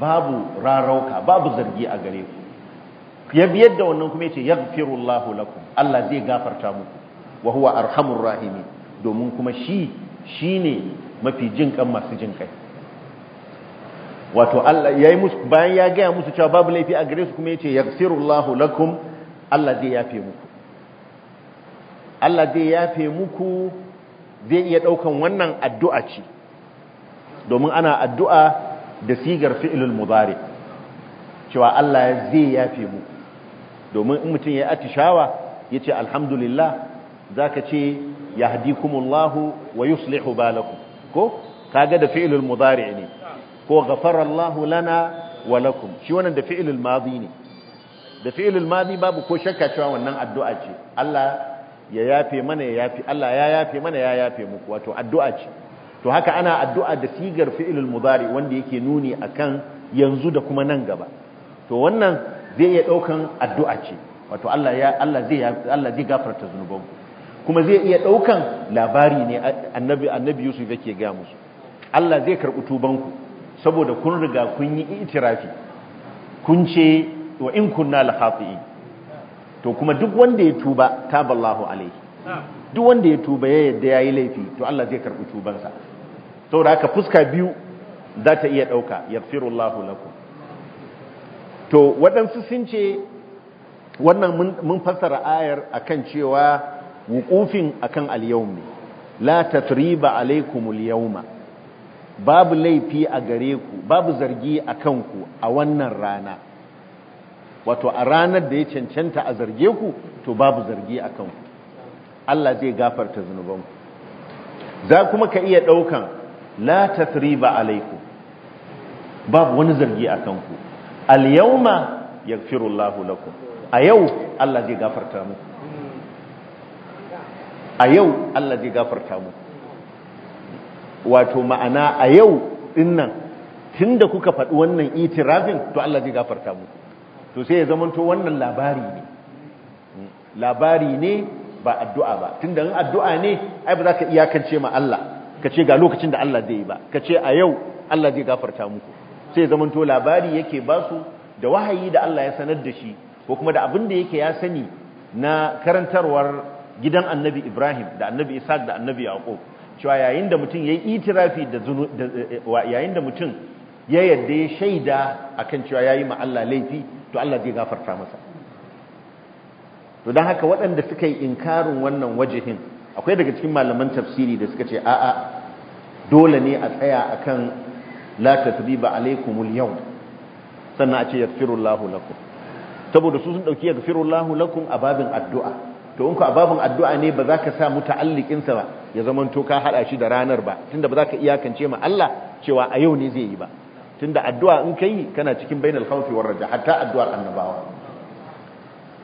babu rarauka babu zargi a gare ku ya wannan kuma yace yaghfirullahu lakum Allah zai gafarta muku wa huwa arhamur rahimin domin kuma shi shine mafi jin masu jin wato Allah yayi musu bayan ya gaya musu cewa babu laifi a gare su kuma yace yaghfirullahu lakum Allah zai yafe muku Allah zai yafe muku zai iya ɗaukan wannan addu'a ce domin ana addu'a da sigar fi'ilul mudari cewa Allah zai yafe muku domin in mutum ya atishawa ya ce alhamdulillah za ka ce ya kumullahu wa yuslihu balakum ko kaga da fi'ilul mudari ne ko gafarallahu lana wa lakum shi wannan da fi'ilul mazi ne da fi'ilul madi babu ko shakka cewa wannan addu'a ce Allah ya yafe mana ya yafe Allah ya yafe mana ya yafe muku wato addu'a ce to haka ana addu'a da sigar fi'ilul mudari wanda yake nuni akan yanzu da kuma nan gaba to wannan zai iya daukan addu'a ce wato Allah ya Allah zai Allah zai gafarta zunubanku kuma zai iya daukan labari ne annabi annabi Yusuf yake ga musu Allah zai tuban ku saboda kun riga kun yi itirafi kun ce wa in kunna lahafi'in to kuma duk wanda ya tuba taballahu alaihi duk wanda ya tuba ya yadda yayi laifi to Allah zai karbi tubansa saboda haka fuska biyu za ta iya dauka yaghfirullahu lakum to waɗansu sun ce wannan mun fassara ayar akan cewa wuqufin akan al-yawm ne la tatriba alaikumul yawma babu laifi a gare ku babu zargi akan ku a wannan rana wato a ranar da ya cancanta a zarge ku to babu zargi a kan Allah zai gafarta zunubanku za kuma ka iya ɗaukan la ba alaiku babu wani zargi a kanku al ya yaghfirullahu lakum a yau Allah zai gafarta mu a yau Allah zai gafarta mu wato ma'ana a yau dinnan tunda kuka faɗi wannan itirafin to Allah zai gafarta mu. to sai ya zamanto wannan labari ne labari ne ba addu'a ba tunda in addu'a ne ai ba za ka iyakance ma Allah ka ce ga lokacin da Allah zai yi ba ka ce a yau Allah zai gafarta muku sai ya zamanto labari yake ba su da wahayi da Allah ya sanar da shi ko kuma da abin da yake ya sani na karantarwar gidan annabi Ibrahim da annabi Isaac da annabi Yaqub cewa yayin da mutum yayi itirafi da eh, yayin da mutum ya yadda ya shaida akan cewa yi ma Allah laifi to Allah zai gafarta masa to don haka waɗanda suka yi inkarin wannan wajihin akwai daga cikin malaman tafsiri da suka ce a'a dole ne a tsaya akan la ba alaikum yau, sannan a ce lahu lakum saboda su sun firu lahu lakum a babin addu'a to in ku ababin addu'a ne ba za ka sa ta'allikinsa ba ya zamanto to ka haɗa shi da ranar ba tunda ba za ka iyakance ma Allah cewa a yau ne zai yi ba tunda addu'a in kai kana cikin bainal haufi wa raja hatta addu'ar annabawa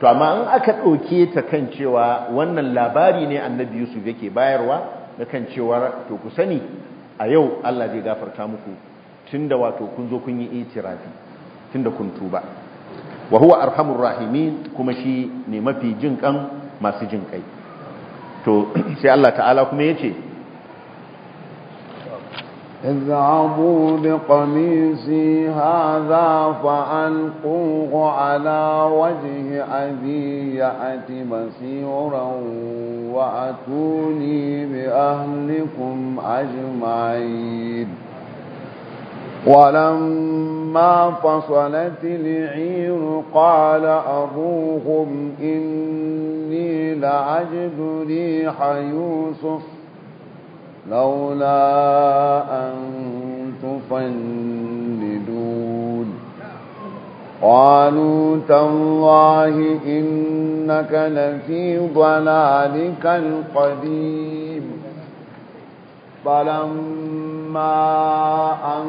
to amma in aka ɗauke ta kan cewa wannan labari ne annabi Yusuf yake bayarwa na kan cewa to ku sani a yau Allah zai gafarta muku tunda wato kun zo kun yi itirafi tunda kun tuba wa huwa arhamur rahimi kuma shi ne mafi jin kan masu jin kai to sai Allah ta'ala kuma ya ce. اذهبوا بقميصي هذا فألقوه على وجه أبي يأت بصيرا وأتوني بأهلكم أجمعين ولما فصلت العير قال أبوهم إني لعجد ريح يوسف لولا أن تفندون قالوا تالله إنك لفي ضلالك القديم فلما أن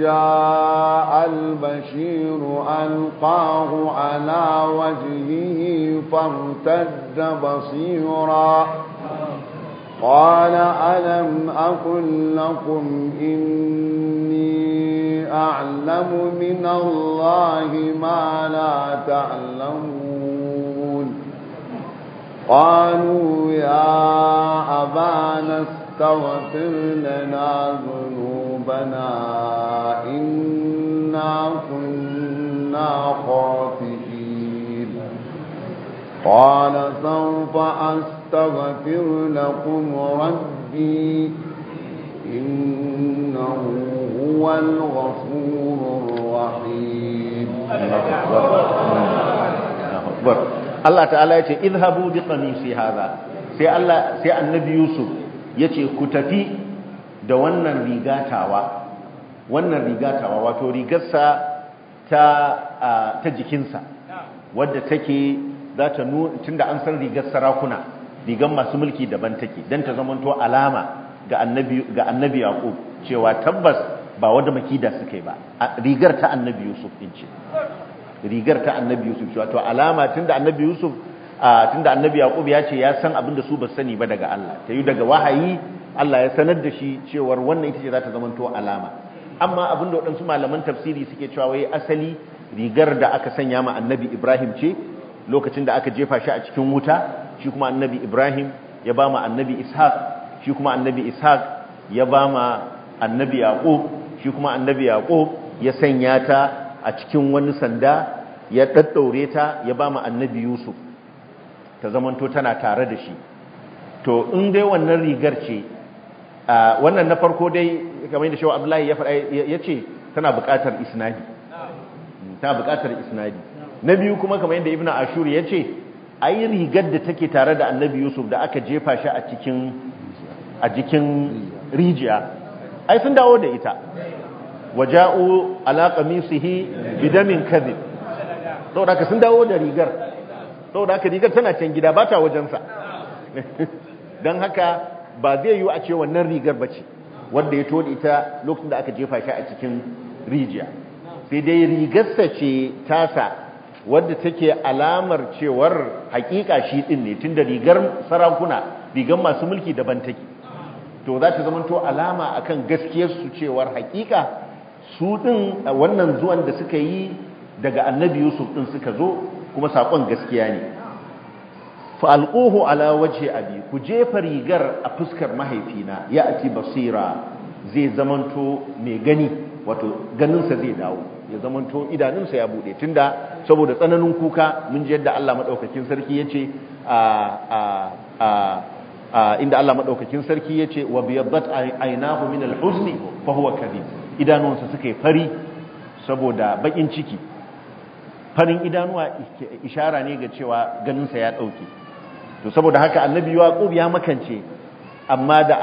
جاء البشير ألقاه على وجهه فارتد بصيراً قال ألم أقل لكم إني أعلم من الله ما لا تعلمون قالوا يا أبانا استغفر لنا ذنوبنا إنا كنا خاطئين قال سوف أستغفر لكم ربي إنه هو الغفور الرحيم Allah ta'ala ya ce idhabu bi qamisi sai Allah sai annabi Yusuf yace ku tafi da wannan rigatawa wannan wato rigarsa ta ta jikinsa wadda take za ta tunda an san rigar sarakuna rigar masu mulki daban take dan ta zamanto alama ga annabi ga annabi yaqub cewa tabbas ba wanda makida suka yi ba rigar ta annabi yusuf din ce rigar ta annabi yusuf cewa to alama tunda annabi yusuf tunda annabi yaqub ya ce ya san abinda su ba sani ba daga Allah ta yi daga wahayi Allah ya sanar da shi cewar wannan ita ce za ta zamanto alama amma abinda da waɗansu malaman tafsiri suke cewa wai asali rigar da aka sanya ma annabi ibrahim ce lokacin da aka jefa shi a cikin wuta shi kuma annabi ibrahim ya ba ma annabi ishaq shi kuma annabi ishaq ya ba ma annabi yaqub shi kuma annabi yaqub ya sanya ta a cikin wani sanda ya daddaure ta ya ba ma annabi yusuf ta zamanto tana tare da shi to in dai wannan rigar ce wannan na farko dai kamar da shehu abdullahi ya ce tana buƙatar isnadi tana buƙatar isnadi na biyu kuma kamar yadda ibnu ashur ya ce ai rigar da take tare da annabi yusuf da aka jefa shi a cikin a jikin rijiya ai sun dawo da ita waja'u ala qamisihi bidamin kadhib saboda ka sun dawo da rigar saboda ka rigar tana can gida ba ta wajensa don haka ba zai yiwu a ce wannan rigar ba ce wanda ya todi ita lokacin da aka jefa shi a cikin rijiya sai dai rigarsa ce tasa wadda take alamar cewar hakika shi din ne tunda rigar sarakuna rigar masu mulki daban take to za ta zamanto alama akan gaskiyar su cewar hakika su din wannan zuwan da suka yi daga annabi yusuf din suka zo kuma sakon gaskiya ne fa alquhu ala wajhi abi ku jefa rigar a fuskar mahaifina ya ati basira zai zamanto mai gani wato ganinsa zai dawo ya zamanto idanunsa ya bude tunda saboda tsananin kuka mun ji yadda Allah madaukakin sarki yace a a a inda Allah madaukakin sarki yace wa biyaddat aynahu min al huzn fa huwa kadhib idanunsa suka fari saboda bakin ciki farin idanuwa ishara ne ga cewa ganinsa ya dauke to saboda haka annabi yaqub ya makance amma da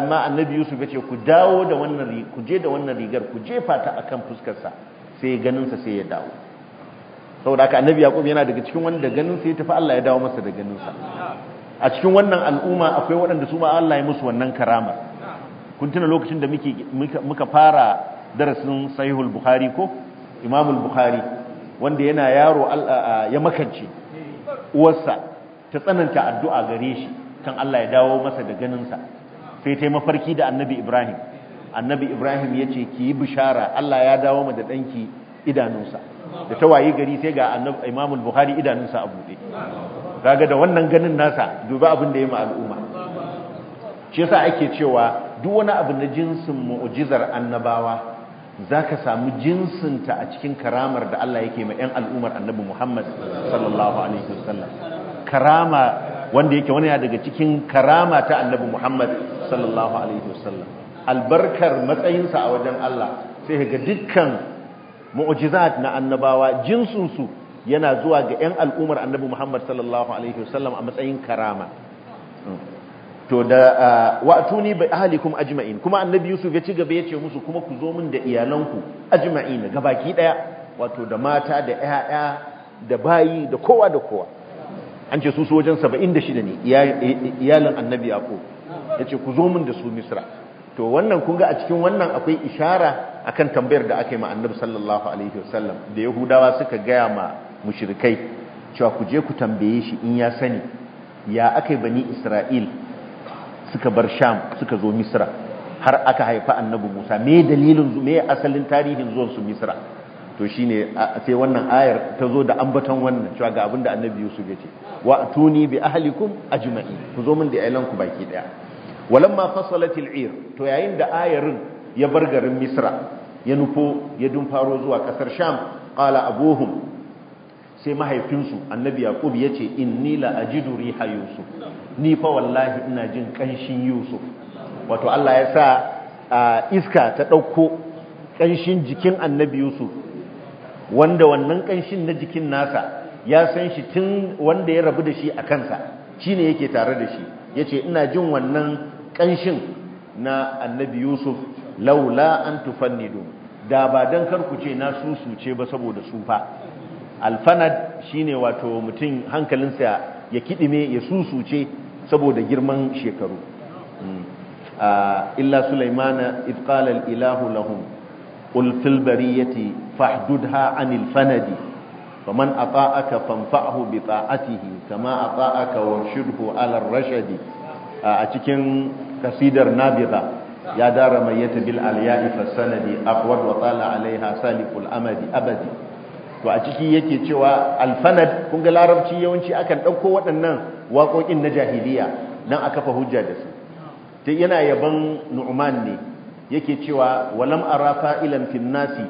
amma annabi yusuf yace ku dawo da wannan ku je da wannan rigar ku jefa ta akan fuskar sa sai ganinsa sai ya dawo saboda haka annabi yaqub yana daga cikin wanda ganinsa ya tafi Allah ya dawo masa da ganinsa a cikin wannan al'umma akwai waɗanda su ma Allah ya musu wannan karamar kun tuna lokacin da muka fara darasin sahihul bukhari ko imamul bukhari wanda yana yaro ya makance uwarsa ta tsananta addu'a gare shi kan Allah ya dawo masa da ganinsa sai ta mafarki da annabi ibrahim annabi ibrahim ya ce ki yi bishara allah ya dawo ma da ɗanki idanunsa da ta waye gari sai ga imamul buhari idanunsa a buɗe kaga da wannan ganin nasa dubi abin da ya ma al'umma shi yasa ake cewa duk wani abu na jinsin mu'jizar annabawa zaka samu jinsinta a cikin karamar da Allah yake ma 'yan al'ummar annabi Muhammad sallallahu alaihi wasallam karama wanda yake wani daga cikin karama ta annabi Muhammad sallallahu alaihi wasallam albarkar matsayinsa a wajen Allah sai ga dukkan mu'jizat na annabawa jinsunsu yana zuwa ga 'yan al'umar annabi Muhammad sallallahu alaihi wasallam a matsayin karama to da wa'tuni bi ahlikum ajma'in kuma annabi Yusuf ya ci gaba ya ce musu kuma ku zo min da iyalanku ajma'in gabaki daya wato da mata da 'ya'ya da bayi da kowa da kowa an ce su su wajen 76 ne iyalin annabi Yaqub yace ku zo min da su Misra to wannan kun ga a cikin wannan akwai ishara akan tambayar da aka yi ma annabi sallallahu alaihi wasallam da yahudawa suka gaya ma mushrikai cewa ku je ku tambaye shi in ya sani ya aka bani isra'il suka bar sham suka zo misra har aka haifa annabi musa me dalilin me asalin tarihin zuwan su misra to shine sai wannan ayar ta zo da ambaton wannan cewa ga abinda da annabi yusuf ya ce wa atuni bi ahlikum ajma'in ku zo min da ku baki daya walamma fasalatil ir to yayin da ayarin ya bar garin misra ya nufo ya dumfaro zuwa kasar sham qala abuhum sai mahaifinsu annabi yaqub yace inni la ajidu riha yusuf ni fa wallahi ina jin kanshin yusuf wato Allah ya sa iska ta dauko kanshin jikin annabi yusuf wanda wannan kanshin na jikin nasa ya san shi tun wanda ya rabu da shi a kansa shine yake tare da shi yace ina jin wannan ƙanshin na annabi yusuf laula an tufannidu da ba don karku ce na susuce ba saboda sufa alfanad shine wato mutum hankalinsa ya kiɗime ya susuce saboda girman shekaru mm. illa sulaimana idqala ilahu lahum qul fil bariyati fahdudha anil kaman faman ata'aka fanfa'hu bi ta'atihi kama ata'aka warshidhu alar rashadi a cikin kasidar nabiga ya dara mayyata bil aliyai fa sanadi wa tala alaiha salikul amadi abadi to a ciki yake cewa alfanad kun ga larabci yawanci akan ɗauko waɗannan waƙoƙin na jahiliya nan a kafa hujja da su ta yana yaban nu'man ne yake cewa walam arafa ilan fil nasi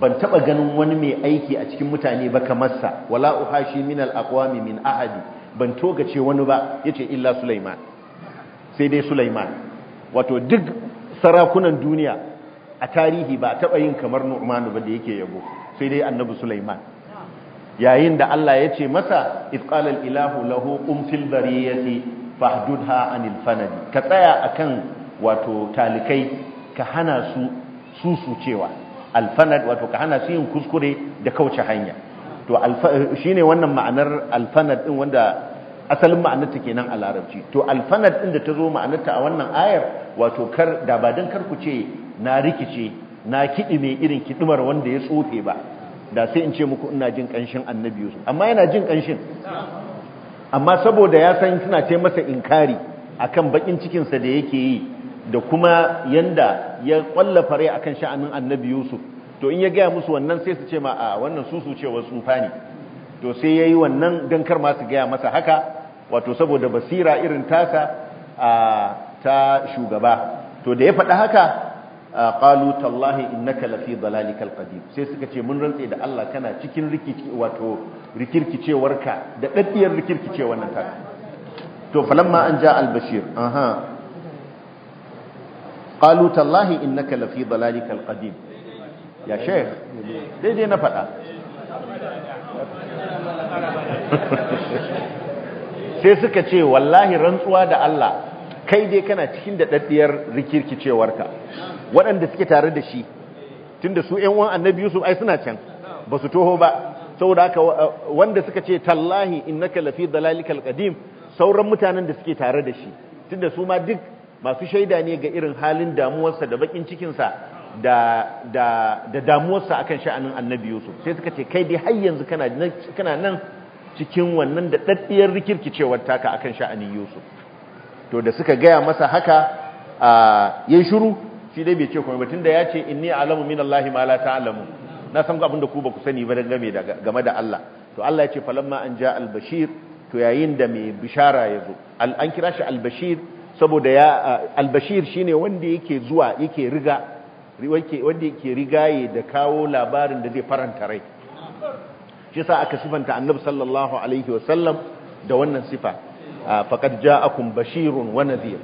ban taɓa ganin wani mai aiki a cikin mutane ba kamar sa wala uhashi min al aqwami min ahadi ban togace wani ba yace illa sulaiman sai dai Sulaiman wato duk sarakunan duniya a tarihi ba taɓa yin kamar Nu'man ba da yake yabo sai dai Annabi Sulaiman yayin da Allah ya ce masa ifqalal ilahu lahu qum fil bariyati fahdudha anil fanadi ka tsaya akan wato talikai ka hana su susucewa alfanad wato ka hana su yin kuskure da kauce hanya to shine wannan ma'anar alfanad din wanda asalin ma'anarta kenan a larabci to alfanad din da ta zo ma'anarta a wannan ayar wato kar da ba dan kar ku ce na rikice na kidi mai irin kidimar wanda ya tsofe ba da sai in ce muku ina jin kanshin annabi Yusuf amma yana jin kanshin amma saboda ya san suna ce masa inkari akan bakin cikin sa da yake yi da kuma yanda ya kwallafa rai akan sha'anin annabi Yusuf to in ya ga musu wannan sai su ce ma a wannan su su ce wasu tsufa ne to sai yayi wannan dan kar ma su gaya masa haka wato saboda basira irin tasa ta shugaba to da ya faɗa haka qalu tallahi innaka lafi dalalikal qadim sai suka ce mun rantse da Allah kana cikin rikici wato rikirkicewarka da daddiyar rikirkicewar nan ta to falamma an ja albashir bashir aha qalu tallahi innaka lafi dalalikal qadim ya sheikh daidai na faɗa sai suka ce wallahi rantsuwa da Allah kai dai kana cikin da daddiyar rikirkicewarka waɗanda suke tare da shi tunda su ƴan uwan annabi Yusuf ai suna can ba su toho ba saboda haka wanda suka ce tallahi innaka lafi dalalikal qadim sauran mutanen da suke tare da shi tunda su ma duk masu shaida ne ga irin halin damuwarsa da bakin cikinsa da da da damuwarsa akan sha'anin annabi Yusuf sai suka ce kai dai har yanzu kana nan cikin wannan da daddiyar rikirkicewar taka akan sha'anin Yusuf to da suka gaya masa haka yayin shiru shi dai bai ce kuma batun da ya ce inni alamu minallahi ma la ta'lamu na san abin da ku ba ku sani ba game da game da Allah to Allah ya ce falamma an ja albashir bashir to yayin da mai bishara ya zo an kira shi al saboda ya al-bashir shine wanda yake zuwa yake riga wanda yake rigaye da kawo labarin da zai faranta rai shi yasa aka sifanta annabi sallallahu alaihi wasallam da wannan sifa faqad ja'akum bashirun wa nadhir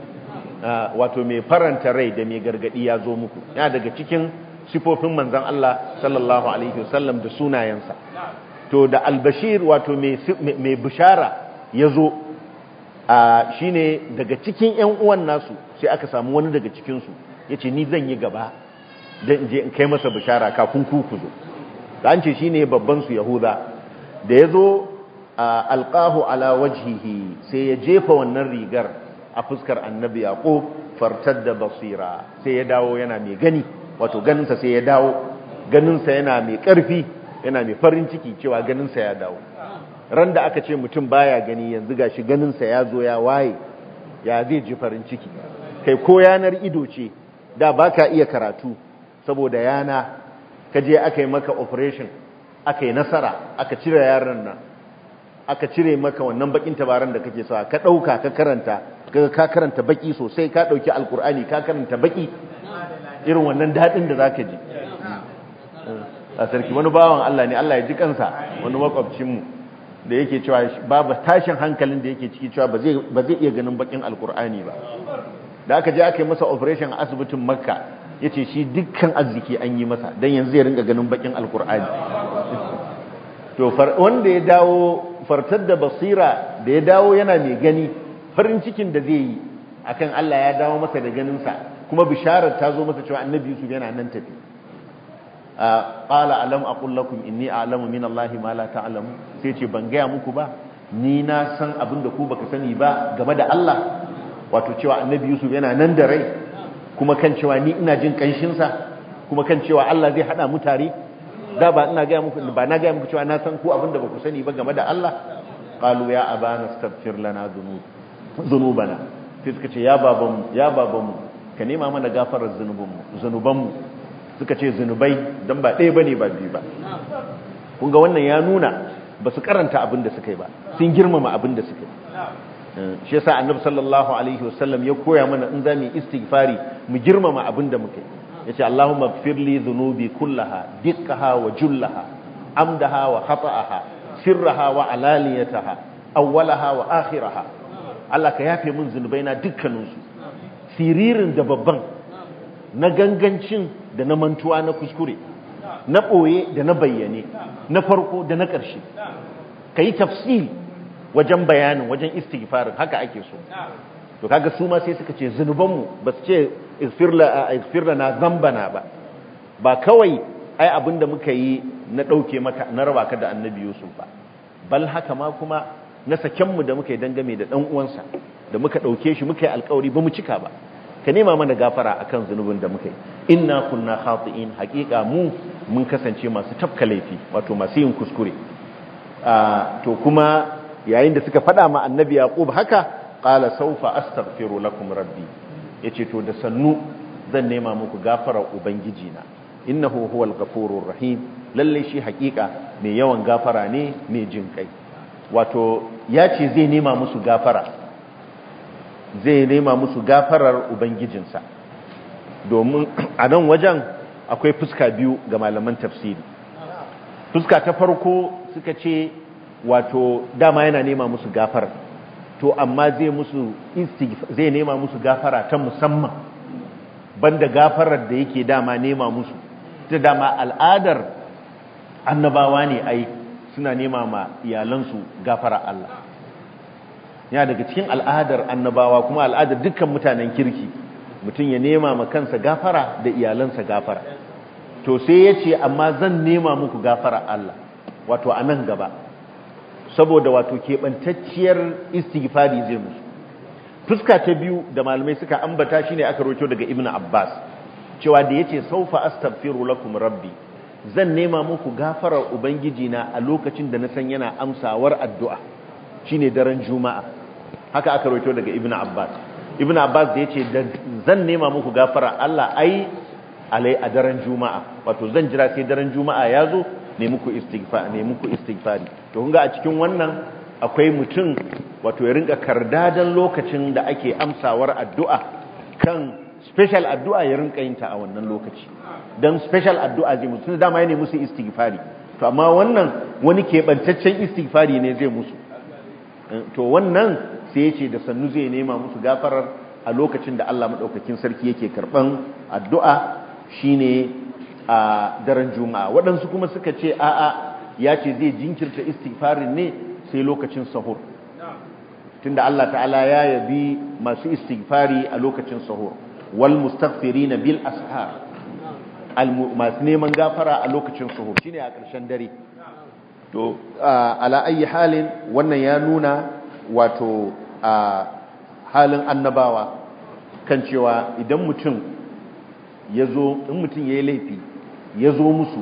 wato mai faranta rai da mai gargadi ya zo muku ya daga cikin sifofin manzon Allah sallallahu alaihi wasallam da sunayensa to da albashir wato mai bishara ya zo shine daga cikin yan uwan nasu sai aka samu wani daga cikinsu ya ce ni zan yi gaba dan je in kai masa bishara kafin ku ku zo an ce shine babban su yahuda da ya zo a ala wajhihi sai ya jefa wannan rigar a fuskar annabi fartar da basira sai ya dawo yana mai gani wato ganinsa sai ya dawo ganinsa yana mai ƙarfi yana mai farin ciki cewa ganinsa ya dawo ran da aka ce mutum baya gani yanzu ga shi ganinsa ya zo ya waye ya zai ji farin ciki kai ko yanar ido ce da ba ka iya karatu saboda yana ka je aka yi maka operation aka yi nasara aka cire yaran nan aka cire maka wannan bakin tabaran da kake sawa ka dauka ka karanta kaga ka karanta baki sosai ka dauki alkur'ani ka karanta baki irin wannan dadin da zaka ji a sarki wani bawan Allah ne Allah ya ji kansa wani makwabcin mu da yake cewa babu tashin hankalin da yake ciki cewa ba zai ba zai iya ganin bakin alkur'ani ba da aka je aka yi masa operation a asibitin makka ya ce shi dukkan arziki an yi masa don yanzu ya ringa ganin bakin alkur'ani to wanda ya dawo fartar da basira da ya dawo yana mai gani farin cikin da zai yi akan Allah ya dawo masa da ganinsa kuma bisharar ta zo masa cewa annabi Yusuf yana nan tafi qala alam aqul lakum inni a'lamu min Allah ma la ta'lamu sai ce ban gaya muku ba ni na san abin da ku baka sani ba game da Allah wato cewa annabi Yusuf yana nan da rai kuma kan cewa ni ina jin sa kuma kan cewa Allah zai hada mu tare da ba ina gaya muku ba na gaya muku cewa na san ku abin da ba ku sani ba game da Allah qalu ya abana astaghfir lana dhunubana sai suka ce ya baban ya baban ka nema mana gafarar zunubanmu zunubanmu suka ce zunubai dan ba ɗaya bane ba biyu ba kun ga wannan ya nuna ba su karanta abin da suka yi ba sun girmama abin da suka yi shi yasa annabi sallallahu alaihi wasallam ya koya mana in zamu istighfari mu girmama abin da muke yace Allahumma firli dhunubi kullaha dikkaha wa jullaha amdaha wa khata'aha sirraha wa alaniyataha awwalaha wa akhiraha Allah ka yafe min zunubai na dukkanin su siririn da babban na gangancin da na mantuwa na kuskure na boye da na bayyane na farko da na ƙarshe ka yi tafsiri wajen bayanin wajen istighfarin haka ake so to kaga su ma sai suka ce zunubanmu ba su ce ighfir lana zambana ba ba kawai ai abinda muka yi na dauke maka na raba ka da annabi yusuf ba bal haka ma kuma na saken mu da muka yi dangame da dan uwansa da muka dauke shi muka yi alkawari ba mu cika ba ka nema mana gafara akan zunubin da muka yi inna kunna khati'in haqiqa mu mun kasance masu tafka laifi wato masu yin kuskure to kuma yayin da suka faɗa ma annabi yaqub haka qala sawfa astaghfiru lakum rabbi yace to da sannu zan nema muku gafara ubangiji na innahu huwal ghafurur rahim lalle shi hakika mai yawan gafara ne mai jin kai wato ya ce zai nema musu gafara zai nema musu gafarar ubangijinsa domin a nan wajen akwai fuska biyu ga malaman tafsiri fuska ta farko suka ce wato dama yana nema musu gafara to amma zai musu zai nema musu gafara ta musamman banda gafarar da yake dama nema musu ta dama al'adar annabawa ne ai suna nema ma iyalansu gafara Allah yana daga cikin al'adar annabawa kuma al'adar dukkan mutanen kirki mutum ya nema ma kansa gafara da iyalansa gafara to sai ya ce amma zan nema muku gafara Allah wato a nan gaba saboda wato keɓantacciyar istighfari zai musu fuska ta biyu da malamai suka ambata shine aka roƙo daga Ibn abbas cewa da yace saufa astaghfiru lakum rabbi zan nema muku gafarar ubangiji na a lokacin da na san yana amsawar addu'a shine daren juma'a haka aka roƙo daga ibnu abbas ibnu abbas da yace zan nema muku gafara Allah ai alai a daren juma'a wato zan jira sai daren juma'a ya zo ne muku istighfar ne muku istighfari to kun ga a cikin wannan akwai mutum wato ya rinka kardadan lokacin da ake amsawar addu'a kan special addu'a ya rinka yin ta a wannan lokaci dan special addu'a zai da dama yana musu istighfari to amma wannan wani kebantaccen istighfari ne zai musu eh, to wannan sai ya ce da sannu zai nema musu gafarar a lokacin da Allah madaukakin sarki yake karban addu'a shine a daren juma'a waɗansu kuma suka ce a'a ya ce zai jinkirta istighfarin ne sai lokacin sahur tunda Allah ta'ala ya yabi masu istighfari a lokacin sahur wal mustaghfirina bil ashar masu neman gafara a lokacin sahur shine a ƙarshen dare to ala ayi halin wannan ya nuna wato a halin annabawa kan cewa idan mutum ya zo in mutum ya yi laifi ya zo musu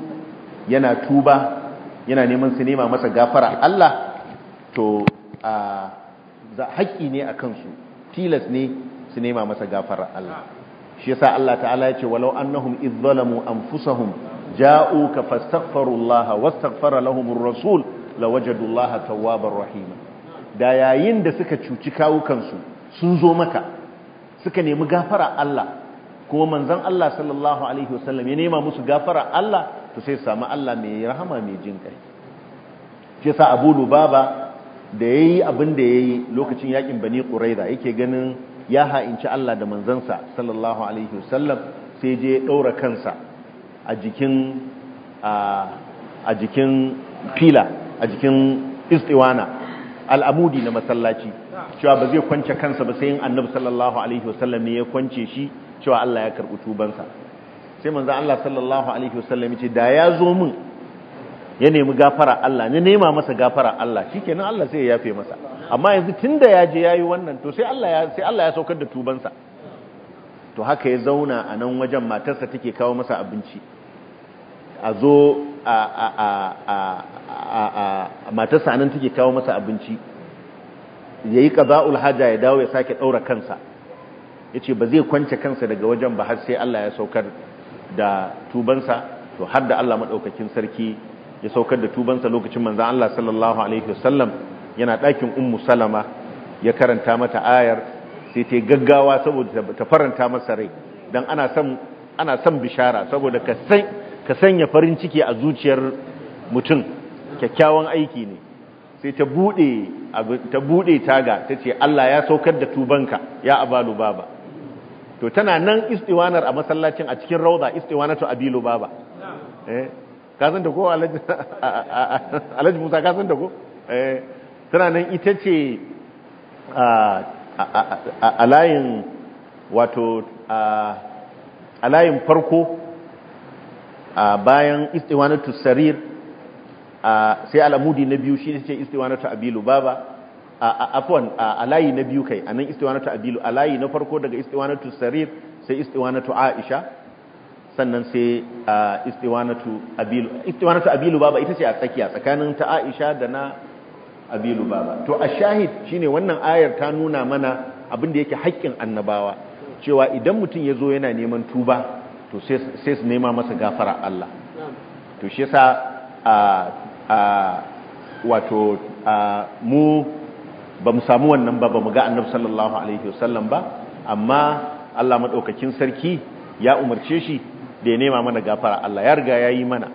yana tuba yana neman su nema masa gafara Allah to a haƙƙi ne a kansu tilas ne su nema masa gafara Allah shi yasa Allah ta'ala ya ce walau annahum idh zalamu anfusahum ja'uka fastaghfirullaha wastaghfara lahumur rasul la lawajadullaha tawwabar rahima da yayin da suka cuci kawukansu sun zo maka suka nemi gafara Allah kuma manzon Allah sallallahu alaihi wasallam ya nema musu gafara Allah to sai samu Allah mai rahama mai jin kai shi yasa Abu Lubaba da yayi abin da yayi lokacin yakin Bani Quraiza yake ganin ya ha'inci Allah da manzansa sallallahu alaihi wasallam sai je daura kansa a jikin a fila a jikin istiwana al'amudi na masallaci cewa ba zai kwance kansa ba sai yin annabi sallallahu alaihi wasallam ne ya kwance shi cewa Allah ya karɓi tubansa sai manzo Allah sallallahu alaihi wasallam ya ce da ya zo mun ya nemi gafara Allah ne nema masa gafara Allah shikenan Allah sai ya yafe masa amma yanzu tunda ya je yayi wannan to sai Allah ya saukar da tubansa to haka ya zauna a nan wajen matarsa take kawo masa abinci a zo a matarsa nan take kawo masa abinci yayi qaza'ul haja ya dawo ya sake daura kansa ya ce ba zai kwance kansa daga wajen ba har sai Allah ya saukar da tubansa to har da Allah madaukakin sarki ya saukar da tubansa lokacin manzan Allah sallallahu alaihi wasallam yana ɗakin ummu salama ya karanta mata ayar sai ta gaggawa saboda ta faranta masa rai dan ana son bishara saboda ka sanya farin ciki a zuciyar mutum kyakkyawan aiki ne sai ta bude ta bude taga tace Allah ya saukar da tubanka ya abalu baba to tana nan istiwanar a masallacin a cikin rauda istiwanatu abilu baba eh ka san da ko alhaji musa ka san da ko eh tana nan ita ce a layin wato a layin farko a bayan istiwanatu sarir sai al'amudi na biyu shi ne ce istiwanatu abilu baba afwan a layi na biyu kai anan istiwanatu abilu a layi na farko daga istiwanatu sarir sai istiwanatu aisha sannan sai istiwanatu abilu istiwanatu abilu baba ita ce a tsakiya tsakanin ta aisha da na abilu baba to a shahid shine wannan ayar ta nuna mana abin da yake haƙƙin annabawa cewa idan mutum ya zo yana neman tuba to sai su nema masa gafara Allah to shi sa a wato mu ba mu samu wannan ba ba mu ga annabi sallallahu alaihi wasallam ba amma Allah madaukakin sarki ya umarce shi da ya nema mana gafara Allah ya riga ya yi mana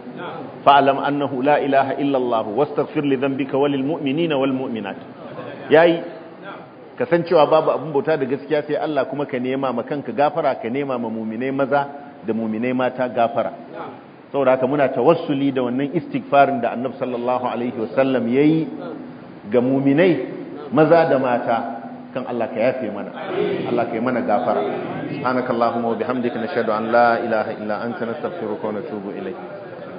fa'alam annahu la ilaha illa Allah wastaghfir li dhanbika lil mu'minina wal mu'minat yayi kasancewa babu abin bauta da gaskiya sai Allah kuma ka nema ma kanka gafara ka nema ma mu'minai maza da mu'minai mata gafara saboda haka muna tawassuli da wannan istighfarin da Annabi sallallahu alaihi wasallam yayi ga mu'minai maza da mata kan Allah ka yafe mana Allah ka yi mana gafara subhanakallahumma wa bihamdika nashhadu an la ilaha illa anta nastaghfiruka wa natubu ilayk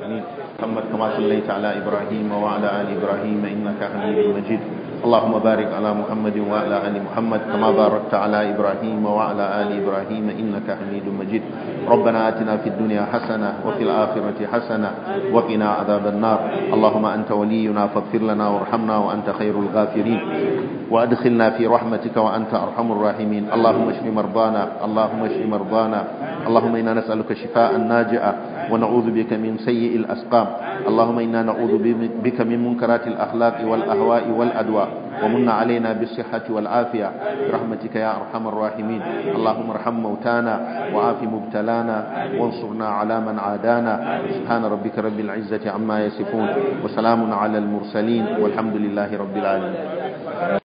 محمد كما صليت ibrahim إبراهيم وعلى آل إبراهيم إنك حميد مجيد اللهم بارك على محمد وعلى آل محمد كما باركت على إبراهيم وعلى آل إبراهيم إنك حميد مجيد ربنا آتنا في الدنيا حسنة وفي الآخرة حسنة وقنا عذاب النار اللهم أنت ولينا فاغفر لنا وارحمنا وأنت خير الغافرين وأدخلنا في رحمتك وأنت أرحم الراحمين اللهم اشف مرضانا اللهم اشف مرضانا اللهم إنا نسألك شفاء ناجعة ونعوذ بك من سيء الأسقام اللهم إنا نعوذ بك من منكرات الأخلاق والأهواء والأدواء ومن علينا بالصحة والعافية برحمتك يا أرحم الراحمين اللهم ارحم موتانا وعاف مبتلانا وانصرنا على من عادانا سبحان ربك رب العزة عما يصفون وسلام على المرسلين والحمد لله رب العالمين